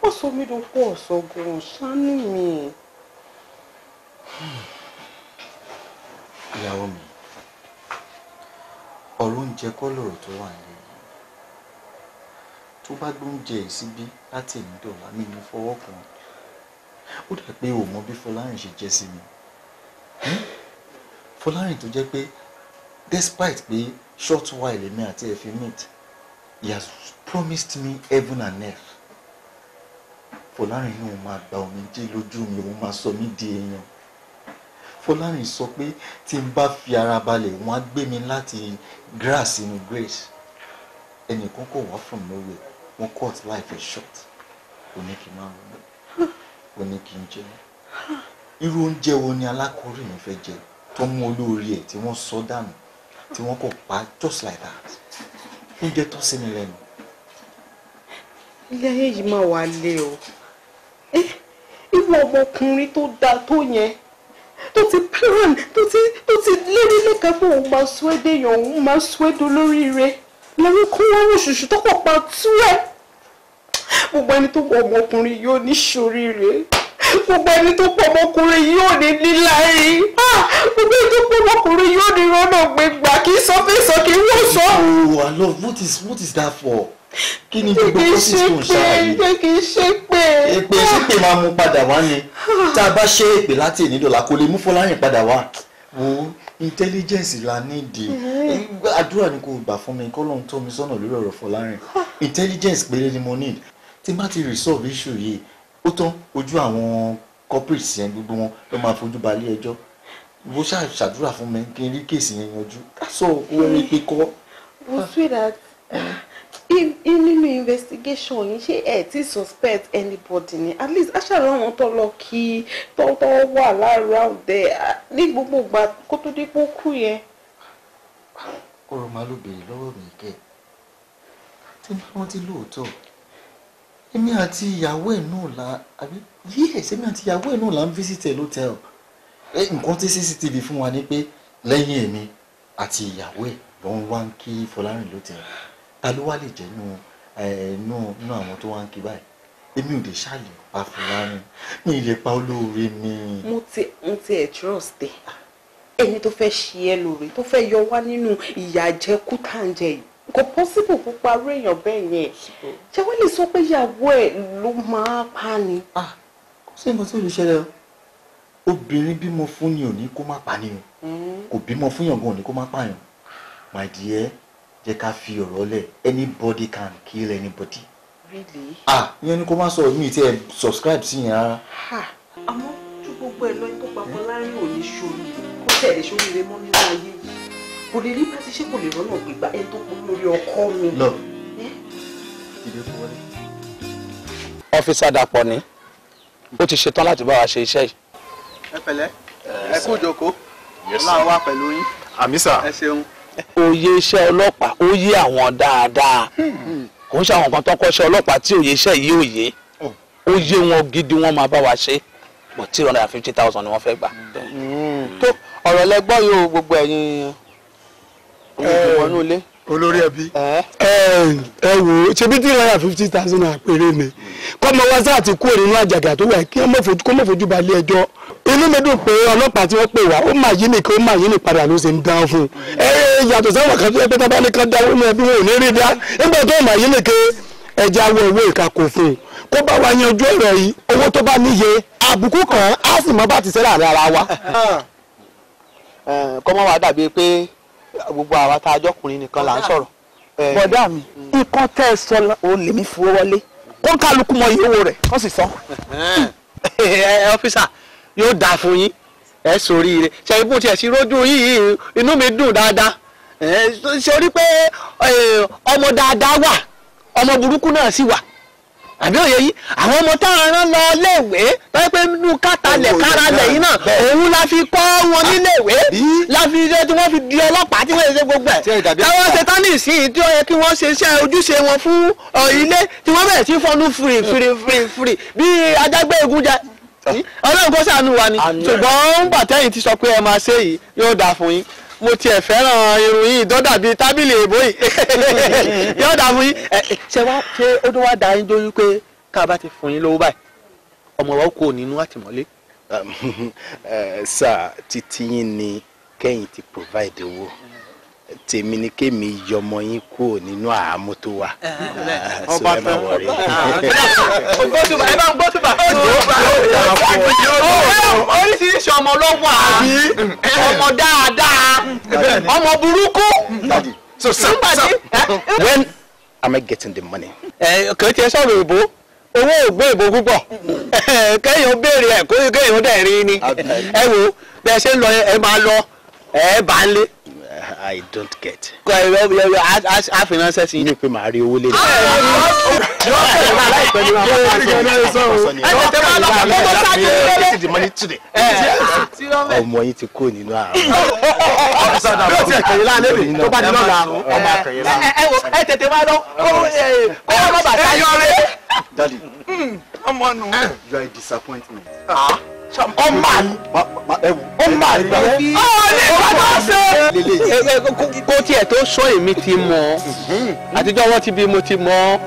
wọ́n sọ mí ló pọ̀ ṣọ́gun ṣánú mi. ìyàwó mi ọ̀rọ̀ oúnjẹ kọ́ lọ̀rọ̀ tó wà nílẹ̀ tó bá gbóúnjẹ yìí síbí láti èmi dọ̀la mi ní fọwọ́ kan ó dà pé o mọ bí Fọlárìn ṣe jẹ́ sí mi Fọlárìn tó jẹ́ pé despite pé short while èmi àti ẹ̀ fi He has promised me heaven and earth. Fọlárin òun máa gba omijé lójú mi òun máa sọ mí di èèyàn. Fọlárin sọ pé tí n bá fi ara balẹ̀ wọ́n á gbé mi láti grass inú grace. Ẹnìkan kò wá from nowhere wọ́n cut life is short. Òní kì í máa ń lọ. Òní kì í jẹ́. Irú oúnjẹ wo ni alákọ̀ọ́rìn mi fẹ́ jẹ tó mú olórí ẹ̀ tí wọ́n sọ dànù tí wọ́n kò pa just like that oúnjẹ tó sinmi lẹ́nu. ilé ayé yìí máa wà lé o ìwọ eh, ọmọkùnrin tó dáa tó yẹn tó ti plan tó ti tó ti lérí lẹ́ka fún òun máa sọ ẹ́ déyàn òun máa sọ ẹ́ dolóríire lẹ́rú kó wọ́n oṣooṣù tó pọ̀ pa tú ẹ̀ gbogbo ẹni tó wọ ọmọkùnrin yóò ní ṣoríire gbogbo ẹni tó pọ̀ ọmọkùnrin yìí ò ní níláyé gbogbo ẹni tó pọ̀ ọmọkùnrin yìí ò ní rọ́nà gbégbá kì í sọ fẹ́ sọ kì í wọ́n sọ. ooo i love what is what is that for kí ni gbogbo process tó ń ṣàlàyé jẹ́ kí n ṣe pé. èpè ṣépè máa mú padà wá ni tá a bá ṣe èpè láti èní dọ̀là kò lè mú fọláyìn padà wá wo intelligence la nídìí àdúrà ni kò gbà fún mi kọ́ ń tọ́ mi sọ́nà lórí ọ̀rọ̀ fọláyìn intelligence péré ni mo need tí n ti resolve issue yìí ó tán ojú àwọn corporates yẹn gbogbo wọn ló máa fojú balẹ̀ ẹjọ́ bó ṣàdúrà fún mi kí n rí kéèsì yẹn yanjú kásọ̀ owó ní pé kọ́. mo swear that eh, nínú investigation yìí ṣé ẹ ti suspect anybody ni at least aṣáájú àwọn tó lọ kí tọ́tọ́ wà around there ní gbogbo ìgbà kó tó dé pé ó yẹn. ọ̀rọ̀ màá ló béèrè lọ́wọ́ mi kẹ́ ẹ̀ tí wọ́n ti lóòótọ́ èmi àti ìyàwó ẹ̀ náà la àbí yes èmi àti ìyàwó ẹ̀ náà la ń visit ẹ̀ hotel nǹkan tí cctv fún wa ni pé lẹ́yìn èmi àti ìyàwó ẹ̀ ló ń wá ń kí fọlárìn hotel ta ló wá lè jẹ́ nínú àwọn tó wá ń kí báyìí èmi ò lè ṣàlè pa fúlàní mi ì lè pa olóore mi. mo ti mo ti ẹ̀ trust ẹ ẹni tó fẹ́ ṣe ẹ lóore tó fẹ́ yọ wá nínú ìyà tá à ń jẹ yìí kò possible kó parú èèyàn bẹ́ẹ̀ yẹn ṣé wọ́n lè sọ pé ìyàwó ẹ̀ ló máa pa ni. kò sí nǹkan tí ò lè ṣẹlẹ̀ o obìnrin bímọ fún ni ò ní kó má pa ni o hmm. kò bímọ fún yàn gan ò kó má pa yàn my dear jẹ́ ká fi ọ̀rọ̀ lẹ̀ anybody can kill anybody. really. ah ìyẹn ni kó má sọ mi tí ẹ subscribe sí yẹn rárá. àmọ́ ju gbogbo ẹ̀ lọ ipò papọ̀ láàrin òní ṣòro kó tẹ̀lé ṣòro rẹ mọ́ nínú ayé kò lè rí pàṣẹ ṣé kò lè rọ́nà gbígbà ẹni tó kú lórí ọkọ mi. lọ ìdè fún wọlé. ọ́fíìsà Dàpọ̀ ni ó ti ṣetán láti bá wa ṣe iṣẹ́ yìí. ẹ pẹ̀lẹ́ ẹ kú ìjókòó Ọlọ́run wà pẹ̀lú yín. àmì sà ẹ ṣeun. òye iṣẹ́ ọlọ́pàá ó yé àwọn dáadáa hmm. kò ń ṣàwọn kan tó kọ́ṣẹ́ ọlọ́pàá tí òye iṣẹ́ yìí ò yé ó oh. yé wọn gidi wọn máa bá wa ṣe but three hundred and fifty thousand ni wọ́n fẹ́ gbà. Hmm. tó ọ̀rọ̀ lẹ gbọ́ yóò gbogbo ẹ̀yin wọnú ilé. olórí ẹbí ẹ wò ó ṣebí three hundred and fifty thousand naira péré ni kọ́mọ wáṣà àti kúrò nínú àjàgà tó wà kí kó fojú balẹ̀ ẹjọ́ inú mi dùn pé ọlọ́pàá tí wọ́n pè wá ó mà yí ni kí ó mà yí ni padà ló ṣe ń dán fún un ẹ yàtọ̀ sáwọn kan tó yẹ pé tábà ní kan dáwọ́ ní ẹbí wọn ò ní rí dá nígbà tó mà yí ni kí ẹja wọ owó ìka kò fún un kó bá wa yanjú ọ̀rọ̀ yìí owó tó bá níye àbùkù kan á sì mọ́ bá ti sẹ́lá ara wa. kọ́mọ́ wa dàbí pé gbogbo àwa tá a jọkùnrin nìkan là ń sọ̀rọ̀. bọ̀dá mi nǹkan mm. tẹ́ ẹ sọ ò lèmi fowó wọlé kó ń kálukú mọ iye owó rẹ̀ kó sì san. ẹ ọ́fíìsà yóò dáa fún yín ẹ sórí rẹ ṣe ibú tiẹ̀ sí rójú yìí inú mi dùn dáadáa ṣe orí pé ọmọ dáadáa wà ọmọ burúkú náà sì wà àbí òye yìí àwọn ọmọ tá a rán lọ léèwé báyìí pé inú kátàlẹ̀ káralẹ̀ yìí náà òun la fi kọ́ wọn ah, níléèwé la fi ṣe tí wọ́n fi di ọlọ́pàá tí wọ́n ṣe gbogbo ẹ̀ táwọn ṣetánì sí i tí ó yẹ kí wọ́n ṣe iṣẹ́ ojúṣe wọn fún ilé tí wọ́n bẹ̀rẹ̀ sí fọnú fìrì fìrì fìrì fìrì bí adágbé egun jẹ ọlọ́run kó ṣàánú wa ni ṣùgbọ́n bàtẹ́yìn ti sọ pé ẹ máa ṣe yìí yóò dáa fún yín mo tiẹ̀ fẹ́ràn irun yìí tó dàbí tábìlì èbó yìí yóò dà fún ṣé wá ṣé ó tó wá da yín lójú pé tá a bá ti fún yín lówó báyìí ọmọ wa kò nínú àtìmọ́lé. Um, sà títí yín ni kẹ́yìn ti provide owó tèmi ni kémi yọmọ yín kúrò nínú àhámọ́ tó wà. Ah, ọba tó ń wọlé. ògbótùbà ah, ẹ bá ń gbótùbà. oríṣiríṣi ọmọ ló wà ọmọ dáadáa ọmọ burúkú hmm, so somebody when am I getting the money. kò tiẹ̀ sọ̀rọ̀ ìbò owó ògbé ìbò púpọ̀ kẹ́yìn béèrè ẹ̀ kó kẹ́yìn dẹ̀ rí ni ẹ wo bẹ́ẹ̀ ṣe ń lọ ẹ máa lọ ẹ bá ń lé I don't get. in my kọ ẹ ẹ ẹ a fi ránṣẹ́ sí yín pé màá rí owó lé ní. ọmọ yín ti kó nínú àrùn. bí o ti ẹ̀kẹ́yìn láàlẹ́ rè tó bá ní lọ́la ọmọ akẹ́yìn láàlẹ́. ẹ tètè máa lọ kó kó ọlọ́bàá ká yọ ọ rẹ ọmọ nù. Ah, you are a disappointment. ọmọ àlè. ọmọ àlè gbàgbé. ọ̀ọ́lẹ̀ bàbá ṣe. kó tiẹ̀ tó sọ èmi ti mọ̀ mhm. àtijọ́ wọn ti bí mo ti mọ̀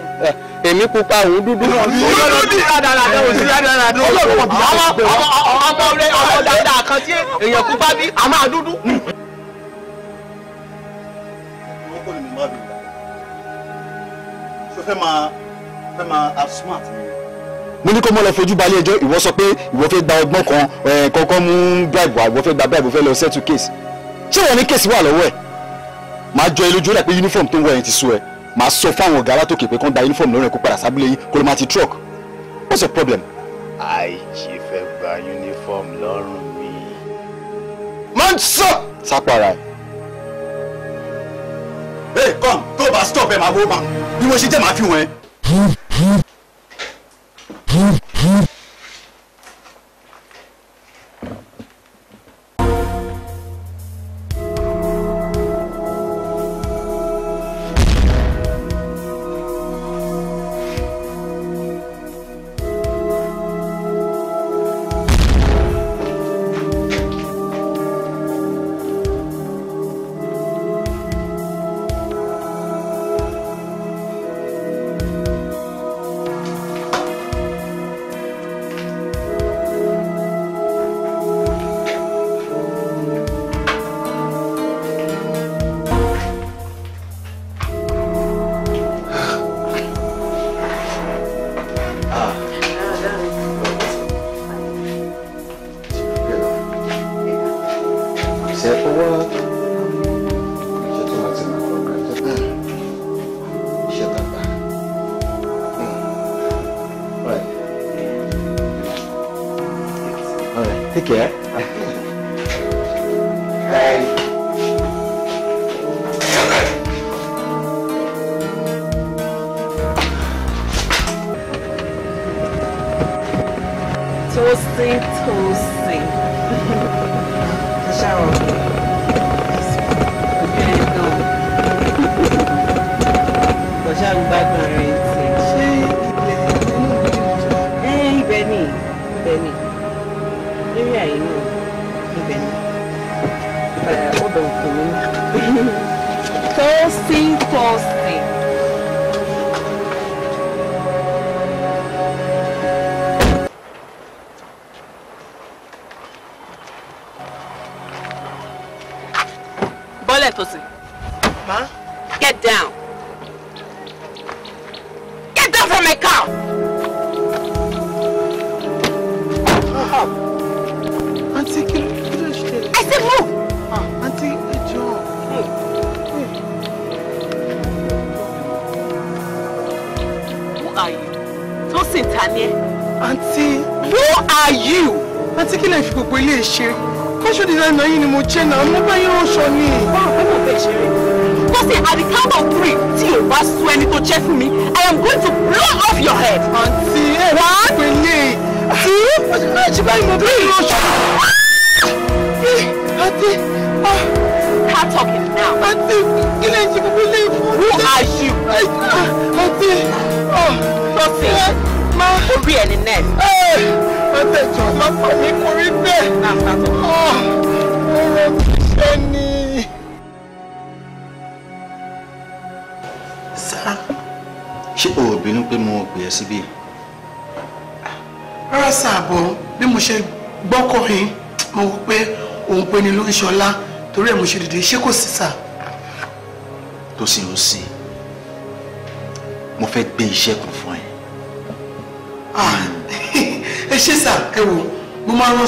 èmi pupa òun dúdú. olórí adarada òsì adarada olórí ọmọ rẹ ọmọ dáadáa kan tí èèyàn pupa bí a máa dúdú. sọ hmm. fẹ́ máa fẹ́ máa outsmart mi mo ní kó mọ́ lọ fojú balẹ̀ ẹjọ́ ìwọ sọ pé ìwọ fẹ́ gba ọgbọ́n kan kankan mú bribe wá fẹ́ gba bribe fẹ́ lọ settle case ṣé wọn ní case wà lọ́wọ́ ẹ̀ máa jọ ilójú rẹ̀ pé uniform tó ń wọ ẹ̀yìn ti sú ẹ máa sọ fáwọn ọ̀gá alátòkè pé kán da uniform lọ́rùn ẹ̀ kó padà sábúlé yín kó ló máa ti truck what's your problem. àìjí fẹ́ gba uniform lọ́rùn mi. máa ń sọ. sápò ara ẹ̀. ẹ kàn tó bá stop ẹ máa wó ma bí wọ́n ṣe jẹ́ màá fi wọ́n ẹ. Hum, hum. right. All right. Take care.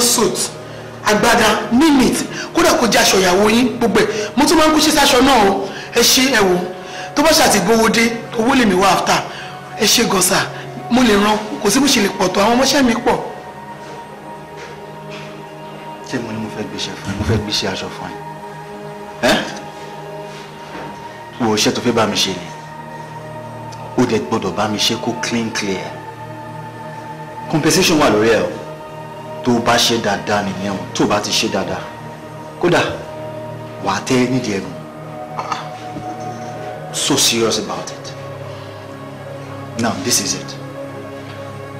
iron suit agbada nímìt kódà kó jẹ́ aṣọ ìyàwó yín gbogbo ẹ̀ mo tún máa ń kú sí sáṣọ náà ẹ ṣe ẹ wò tó bá ṣàti gbowó dé owó lèmi wá àfta ẹ ṣe gọ̀ọ̀sà mo lè ran kò sí bó ṣe lè pọ̀ tó àwọn ọmọọṣẹ́ mi pọ̀. ṣé mo ní mo fẹ́ gbéṣẹ́ fún ẹ mo fẹ́ gbéṣẹ́ aṣọ fún ẹ wo iṣẹ́ tó fẹ́ bá mi ṣe ni ó dẹ̀ gbọ́dọ̀ bá mi ṣe kó clean clear compensation wà lórí ẹ o tó bá ṣe dáadáa nìyẹn o tó bá ti ṣe dáadáa kódà wà á tẹ́ nídìí ẹ̀gùn ah, so serious about it now this is it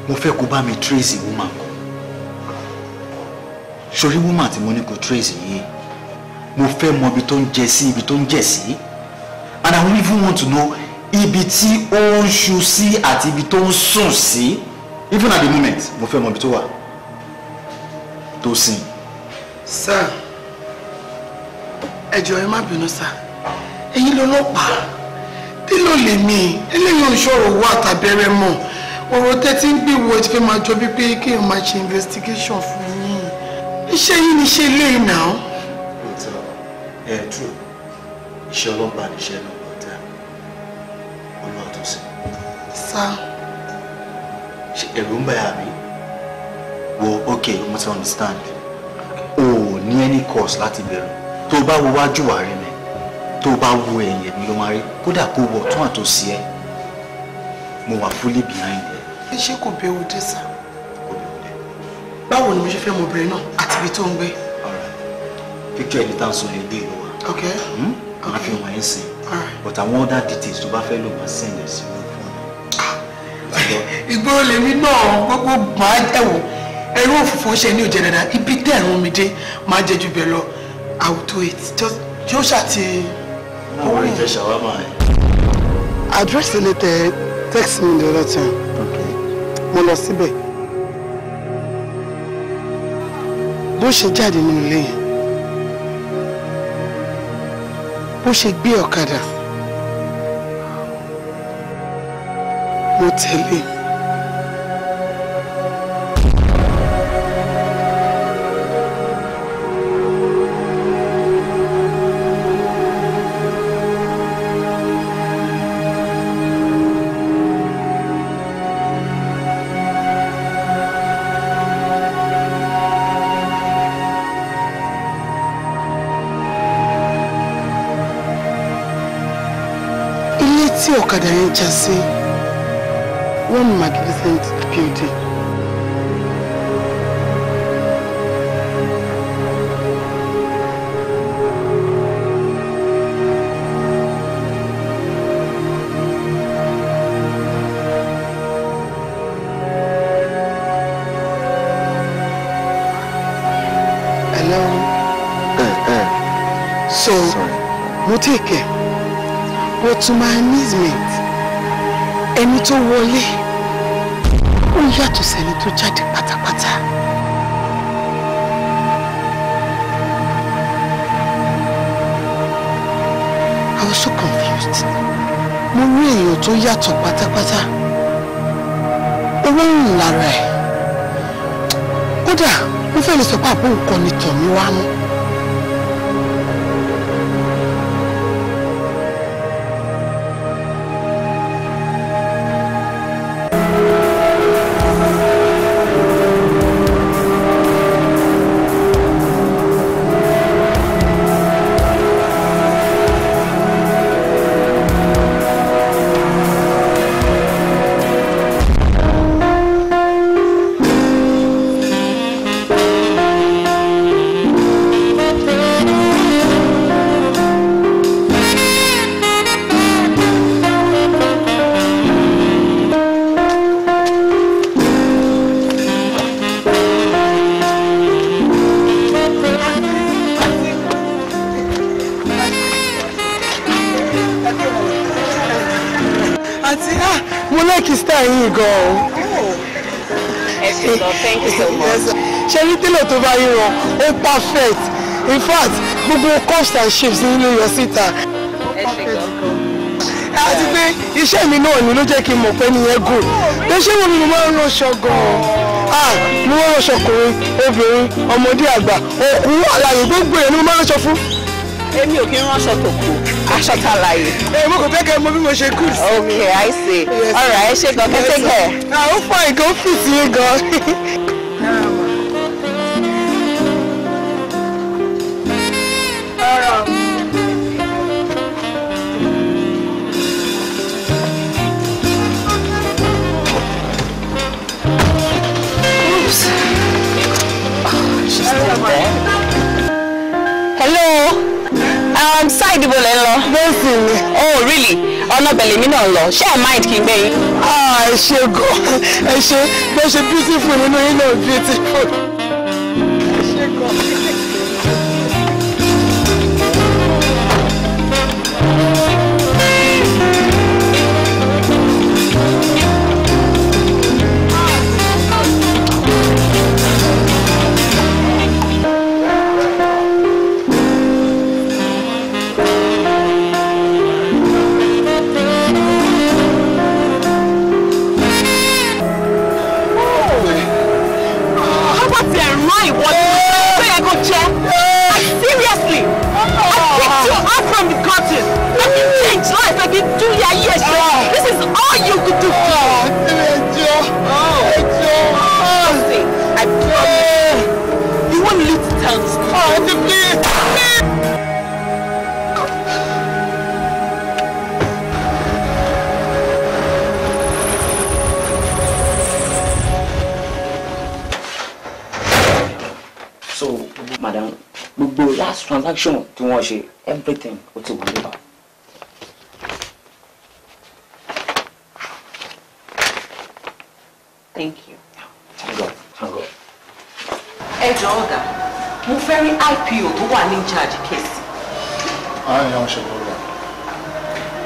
mo fẹ́ kó bá mi tracy woman kọ sori woman tí mo ní kó tracy yìí mo fẹ́ mọ ibi tó ń jẹ sí ibi tó ń jẹ sí and i even want to know ibi tí ó ń ṣu sí àti ibi tó ń sùn sí even at the moment mo fẹ́ mọ ibi tó wà. Tósìn. sir ẹ jọ̀ọ́ ẹ má bínú sir ẹ̀yin Pa, tí ló lè mí eléyìí ò ṣòro owó àtàbẹ̀rẹ̀ mọ́ ọ̀rọ̀ tẹ́tí ń gbé wo ti fẹ́ máa jọ bíi pé kí n máa ṣe investigation fún yín iṣẹ́ yín ni iṣẹ́ ilé ìnà. ẹ tú iṣẹ́ ọlọ́pàá níṣẹ́ náà ọ̀tá uh, olúwa tó sìn. sá. ẹ̀rù ń bá yà mí wo ok mo ti understand Oh, ni any cause láti bẹ̀rù tó o bá wo wájú wà rí mi tó o wo ẹ̀yìn mi ló máa rí kódà kó wọ tún àtòsí ẹ mo wà fully behind ẹ. iṣẹ́ ko be òde sá báwo ni mo ṣe fẹ́ mọ obìnrin náà àti ibi tó ń gbé. picture ẹni tá a sọ yẹn dé ìlú wa máa fi wọn ẹ sìn but àwọn other details tó bá fẹ́ lò máa send ẹ̀ sí ló fún mi. ìgboro lèmi náà gbogbo gbọ́n á jẹ́wọ́ ẹ̀rú òfófó ṣe ní òjẹ́ ibi tẹ́ ẹ̀rún mi dé máa jẹ́ ju bẹ́ẹ̀ lọ I will do it just yóò ṣàti. àwọn ìjẹ ṣàwámà ẹ. àdírẹ́sì ilé tẹ text mi ní ọlọ́tàn mo lọ síbẹ̀ bó ṣe jáde nínú ilé yẹn bó ṣe gbé ọ̀kadà mo tẹ̀lé e. tí ọ̀kadà yẹn já sí one magnificent beauty. Hello. Uh, uh. So, Sorry. we'll take care. but to my amazement ẹni tó wọlé ó yàtọ̀ sẹ́ni tó jáde pátápátá. I was so confused mo rí èèyàn tó yàtọ̀ pátápátá owó ń lára ẹ̀ kódà mo fẹ́ lè sọ pé àbúrò kan ni tọ̀ mí wá mú. over yín wọn ó perfect in fact gbogbo cups and shapes nínú yọ síta. ẹ ṣe gbọ́ngàn àti pé iṣẹ́ mi náà ni ló jẹ́ kí n mọ̀ pé nìyẹn gùn pé ṣé wo ni mo máa ń ránṣọ gan-an mo máa ń ránṣọ ọkùnrin obìnrin ọmọdé àgbà òkú àlàyé gbogbo ẹ̀ ni mo máa ń ránṣọ fún. èmi ò kí ń ránṣọ tó kù aṣọ tá a láàyè. ẹ mo kò fẹ́ kẹ́ mọ bí mo ṣe kù sí. ok i see ọ̀rọ̀ ẹ ṣe gan kẹ́tẹ́kẹ́. ó fọ ìgò fìtì gan. side ibo lẹ ń lọ. bẹ́ẹ̀sì ni. oh really ọ̀nà bẹ̀lẹ̀ mi náà lọ ṣé ẹ̀ mind kí n gbé yín. Ah, ẹ ṣe gan ẹ ṣe bẹ́ẹ̀ ṣe beautiful nínú yín náà beautiful. transaction tí wọ́n ṣe everything ó ti wọlé bá. thank you. thank God thank God. ẹ jọ̀ọ́ ọ̀gá mo fẹ́ rí IPO tó wà ní charge case. a ń yan ṣe lọ́la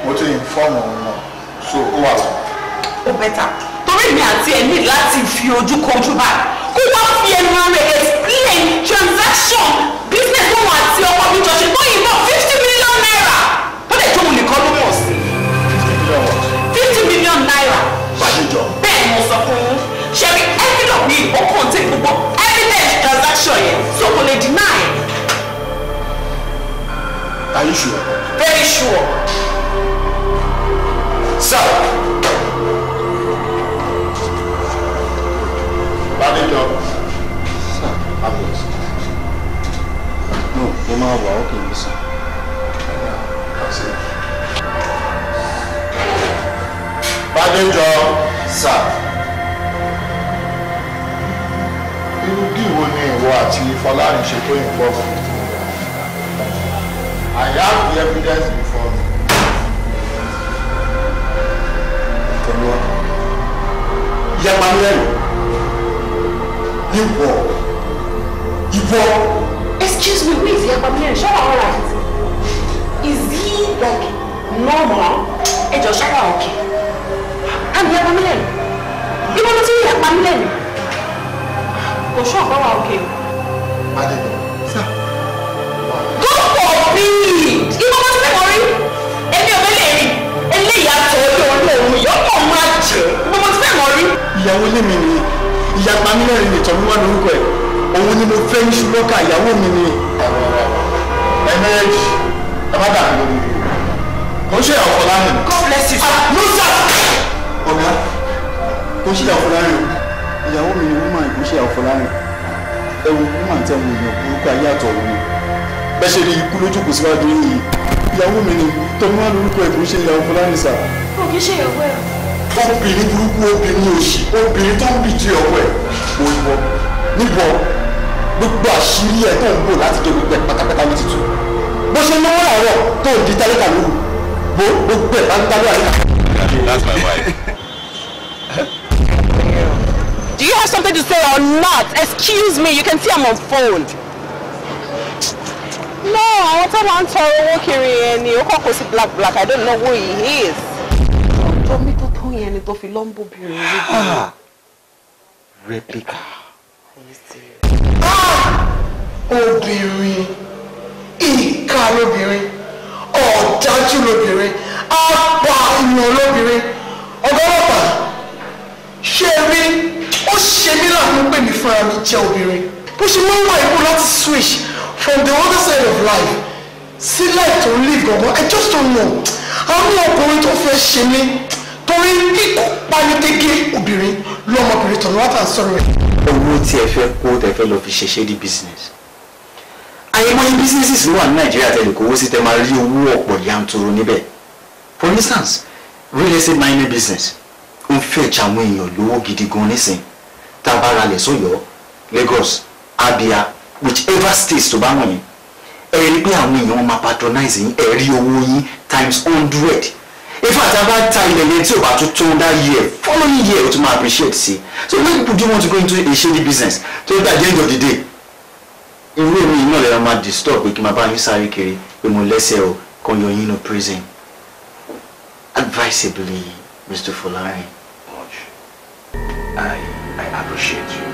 mo ti inform òun náà so ó wà lọ. ó bẹ́tà torí mi àti ẹ̀ ní láti fi ojú kojú báyìí kó wá fi ẹnu rẹ̀ explain transaction business wọn àti ọkọ mi jọ ṣe tó yìnbọn fifty million naira tó lè jóun nìkan ló mọ̀ sí fifty million naira bẹ́ẹ̀ mo sọ fún un ṣe rí evidence ní ìbọ̀kàn tí gbogbo evidence transaction yẹn so kò lè deny. Are you sure? Very sure. So. Manager. máa wà ókè ní sùn. Bádéjọ you' Irú díìwò ni ìwọ àti Fọlárin ṣe tó yìn pọ̀ I have the evidence before me. Tẹ̀lé ìyá Manuel, You ìwọ. Excuse me, who is here from here? Ṣọ́wà all right. Is he like normal? Ẹ jọ ṣọ́wà òkè. Àmì ẹ̀pà mi lẹ́nu. Ibo ló ti ń yẹ̀pà mi lẹ́nu. Kò ṣọ́ àbáwá òkè. Adé, sá. Go for it! Ibo ló ti fẹ́ kọrí. Èmi ò bẹ́lẹ̀ rí. Eléyìí àtọ̀ ọjọ́ ọdún òun yóò kàn máa jẹ́. Ibo ló ti fẹ́ kọrí. Ìyàwó lé mi nìyí. Ìyàpá mi lẹ́rìn ìtọ́ mi wá lórúkọ ẹ̀ òun ni mo fẹ́ ní ṣùlọ́kà ìyàwó mi ni. ẹ̀mẹ́rẹ́jì ẹ má dàbí lórí mi kò ń ṣe ìyàwó fọlárin. God bless you sir. lọ́sà. ọ̀gá kò ń ṣe ìyàwó fọlárin o ìyàwó mi ni woman kò ń ṣe ìyàwó fọlárin ẹ wo woman tẹ wo èèyàn burúkú ayé àtọ̀ wọn bẹ́ẹ̀ ṣe ni ikú lójú kò síwájú yìí ìyàwó mi ni tọ́ni wà lórúkọ ẹ̀ kò ń ṣe ìyàwó fọlárin sà. kò kí ṣe ìyàwó ẹ̀ obìnrin burúkú obìnrin òṣì obìnrin tó ń bìtì ọ̀pọ̀ ẹ̀ òyìnbó níbọ̀ gbogbo àṣírí ẹ̀ tó ń bò láti jẹ gbogbo ẹ̀ pátápátá ní títù bó ṣe lówó àárọ̀ tó ń di tálíkà lóru bó gbogbo ẹ̀ bá ń dálé àríkà. That's my wife. Do you have something to say or not? Excuse me, you can see I'm on phone. No, I want to ń tọrọ owó here? yẹn ni ó kọ́ black black I don't know who he is. ọjọ́ mi tó tó yẹn ni tó fi lọ́ńbó bí rẹ̀ Replica obìnrin ìka lóbìnrin ọ̀dájú lóbìnrin apá ìyàn lóbìnrin ọgọ́lọ́pàá ṣé rí ó ṣe mí láàánú pé mi fúnra mi jẹ́ obìnrin bó ṣe máa ń wá ikú láti switch from the other side of life sí life to live gangan I just don't know àwọn ọkùnrin tó fẹ́ ṣe mí torí kíkó panitẹ́gé obìnrin lọ́mọbìnrin tọ̀nù wá tà ń sọ̀rọ̀ rẹ̀. owó tí ẹ fẹ́ kó tẹ fẹ́ lọ fi ṣe shady business àyẹ̀mọ́yé businesses ló wà ní nàìjíríà tẹ̀lé kówó sí tẹ́ máa rí owó ọ̀pọ̀ yanturu níbẹ̀ for instance real estate mining business ń fetch àwọn èèyàn lówó gidi gan nísìn tá a bá ra Lagos Abia whichever states tó bá wọ̀n yín ẹ rí pé àwọn èèyàn máa patronize yín ẹ rí owó yín times hundred if ata bá ta ilẹ̀ yẹn tí o bá tún tó that year following year o tún máa appreciate sí so many people do want to go into a shady business so at the end of the day irú èmi yìí náà lè máa disturb pé kí n máa bá yín sáré kiri pé mo lẹ́sẹ̀ o kan yọ yín ní prison advisably Mr. Folarin. much I I appreciate you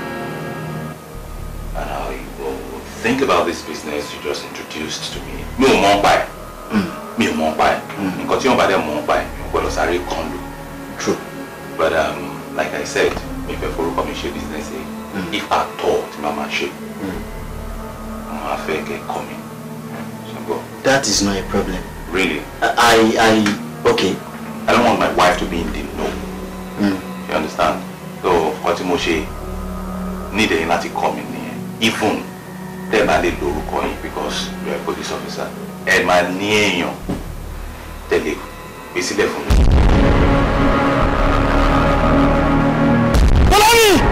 and I will think about this business you just introduced to me. mi ò mọ̀ ń pa ẹ̀ hmm. mi ò mọ̀ ń pa ẹ̀ hmm. nǹkan tí wọ́n bá dẹ̀ mọ̀ ń pa ẹ̀ mi ò sáré kan lò. true but um, like I said mi fẹ́ forúkọ mi ṣe business yìí hmm. if at all ti máa ma ṣe máa fẹ́ kẹ́ kọ́ mi that is not a problem. really. i i okay. i don't want my wife to be in the know. Mm. you understand. so nǹkan tí mo ṣe nídìí yín láti kọ́ mi even tẹ́ bá lè lo orúkọ because we are police officer ẹ máa ní èèyàn tẹ̀lé gbé sílẹ̀ fún mi. olórí.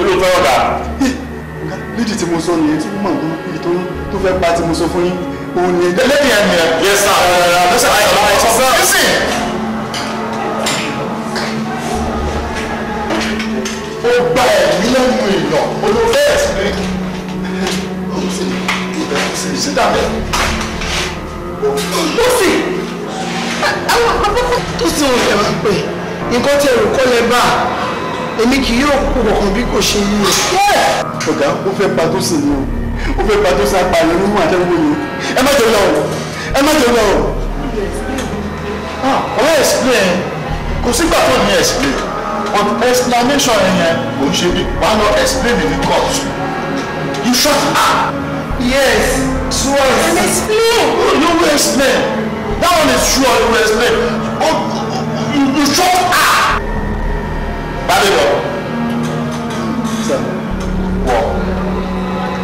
olùfẹ́ ọ̀dà. lídìí tí mo sọ nìyẹn tí mo mọ̀ níbi tó fẹ́ pa tí mo sọ fún yín òun nìyẹn. lẹ́yìn ẹ̀mí ẹ̀. yẹ sá lọ́sẹ̀ ayọ̀ láyé sọ́sẹ̀. listen. ó gba ẹ̀mí lẹ́nu èèyàn olùfẹ́ ẹ̀sìn síta bẹ́ẹ̀. ó sì àwọn àpapọ̀ tó sì ń fẹ́ wá pé nǹkan tí ẹ̀rù kọ́ lẹ́ bá a èmi kì yóò kú kọ̀ọ̀kan bí kò ṣe yí o. ọ̀gá ó fẹ́ pa tó sì ni o ó fẹ́ pa tó sápa rẹ̀ nínú àtẹ̀wò ni ẹ má jẹ́ lọ ẹ má jẹ́ lọ o. Ah, explain kò sígbà tó ní explain but explanation yẹn kò ṣe bí wà á lọ explain in the court you shut up. yes sure. and explain. no oh, you explain that one is sure you will explain oh, you, you shut up. Babylon, wọ,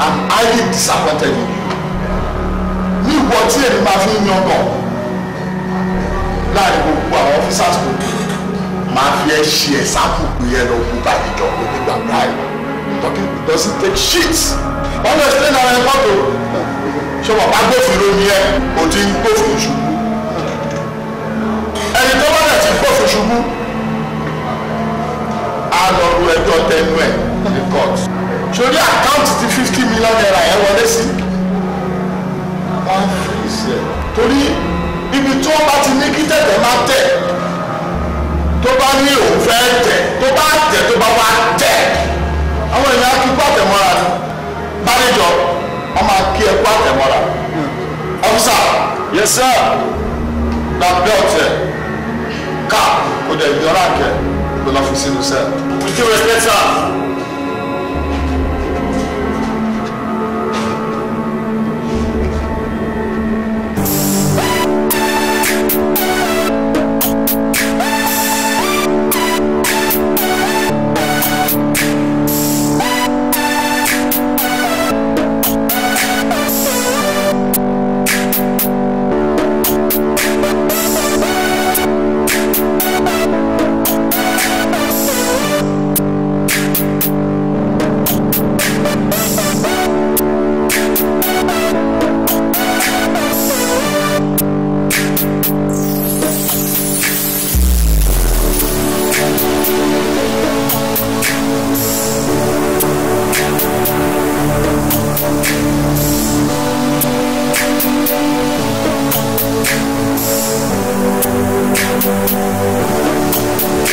I'm highly disappointed in you. Ní ìwọ tí èmi máa fi ń yan náà láàrin gbogbo àwọn officers gbogbo máa fi ẹ ṣe ẹ̀sáàpù pé ẹ lọ kú bá ìjọ pé nígbà báyìí talking it doesn't take shit. Wọ́n lọ sílẹ̀ náà ẹ mọ́tò ṣé wọ́n bá gbófinró ni ẹ kò ti ń gbófin ṣubú. Ẹni tó bá dẹ̀ ti gbófin ṣubú á lọ ru ẹjọ́ tẹnu ẹ̀ ní court. sórí àkáǹtì tí fifty million naira yẹn wọlé sí wọ́n fi ìṣe torí ibi tí wọ́n bá ti ní kí tẹ̀tẹ̀ máa tẹ̀ tó bá ní òun fẹ́ tẹ̀ tó bá tẹ̀ tó bá wá tẹ̀ àwọn èèyàn á kí kó àtẹ̀mọ́ra ni báníjọ wọ́n máa kí ẹ kó àtẹ̀mọ́ra ọ́fíìsà yes sir na belt ẹ̀ ká kò dẹ̀ yọra kẹ́ lọ́la fi sínú sẹ́ẹ̀. with due respect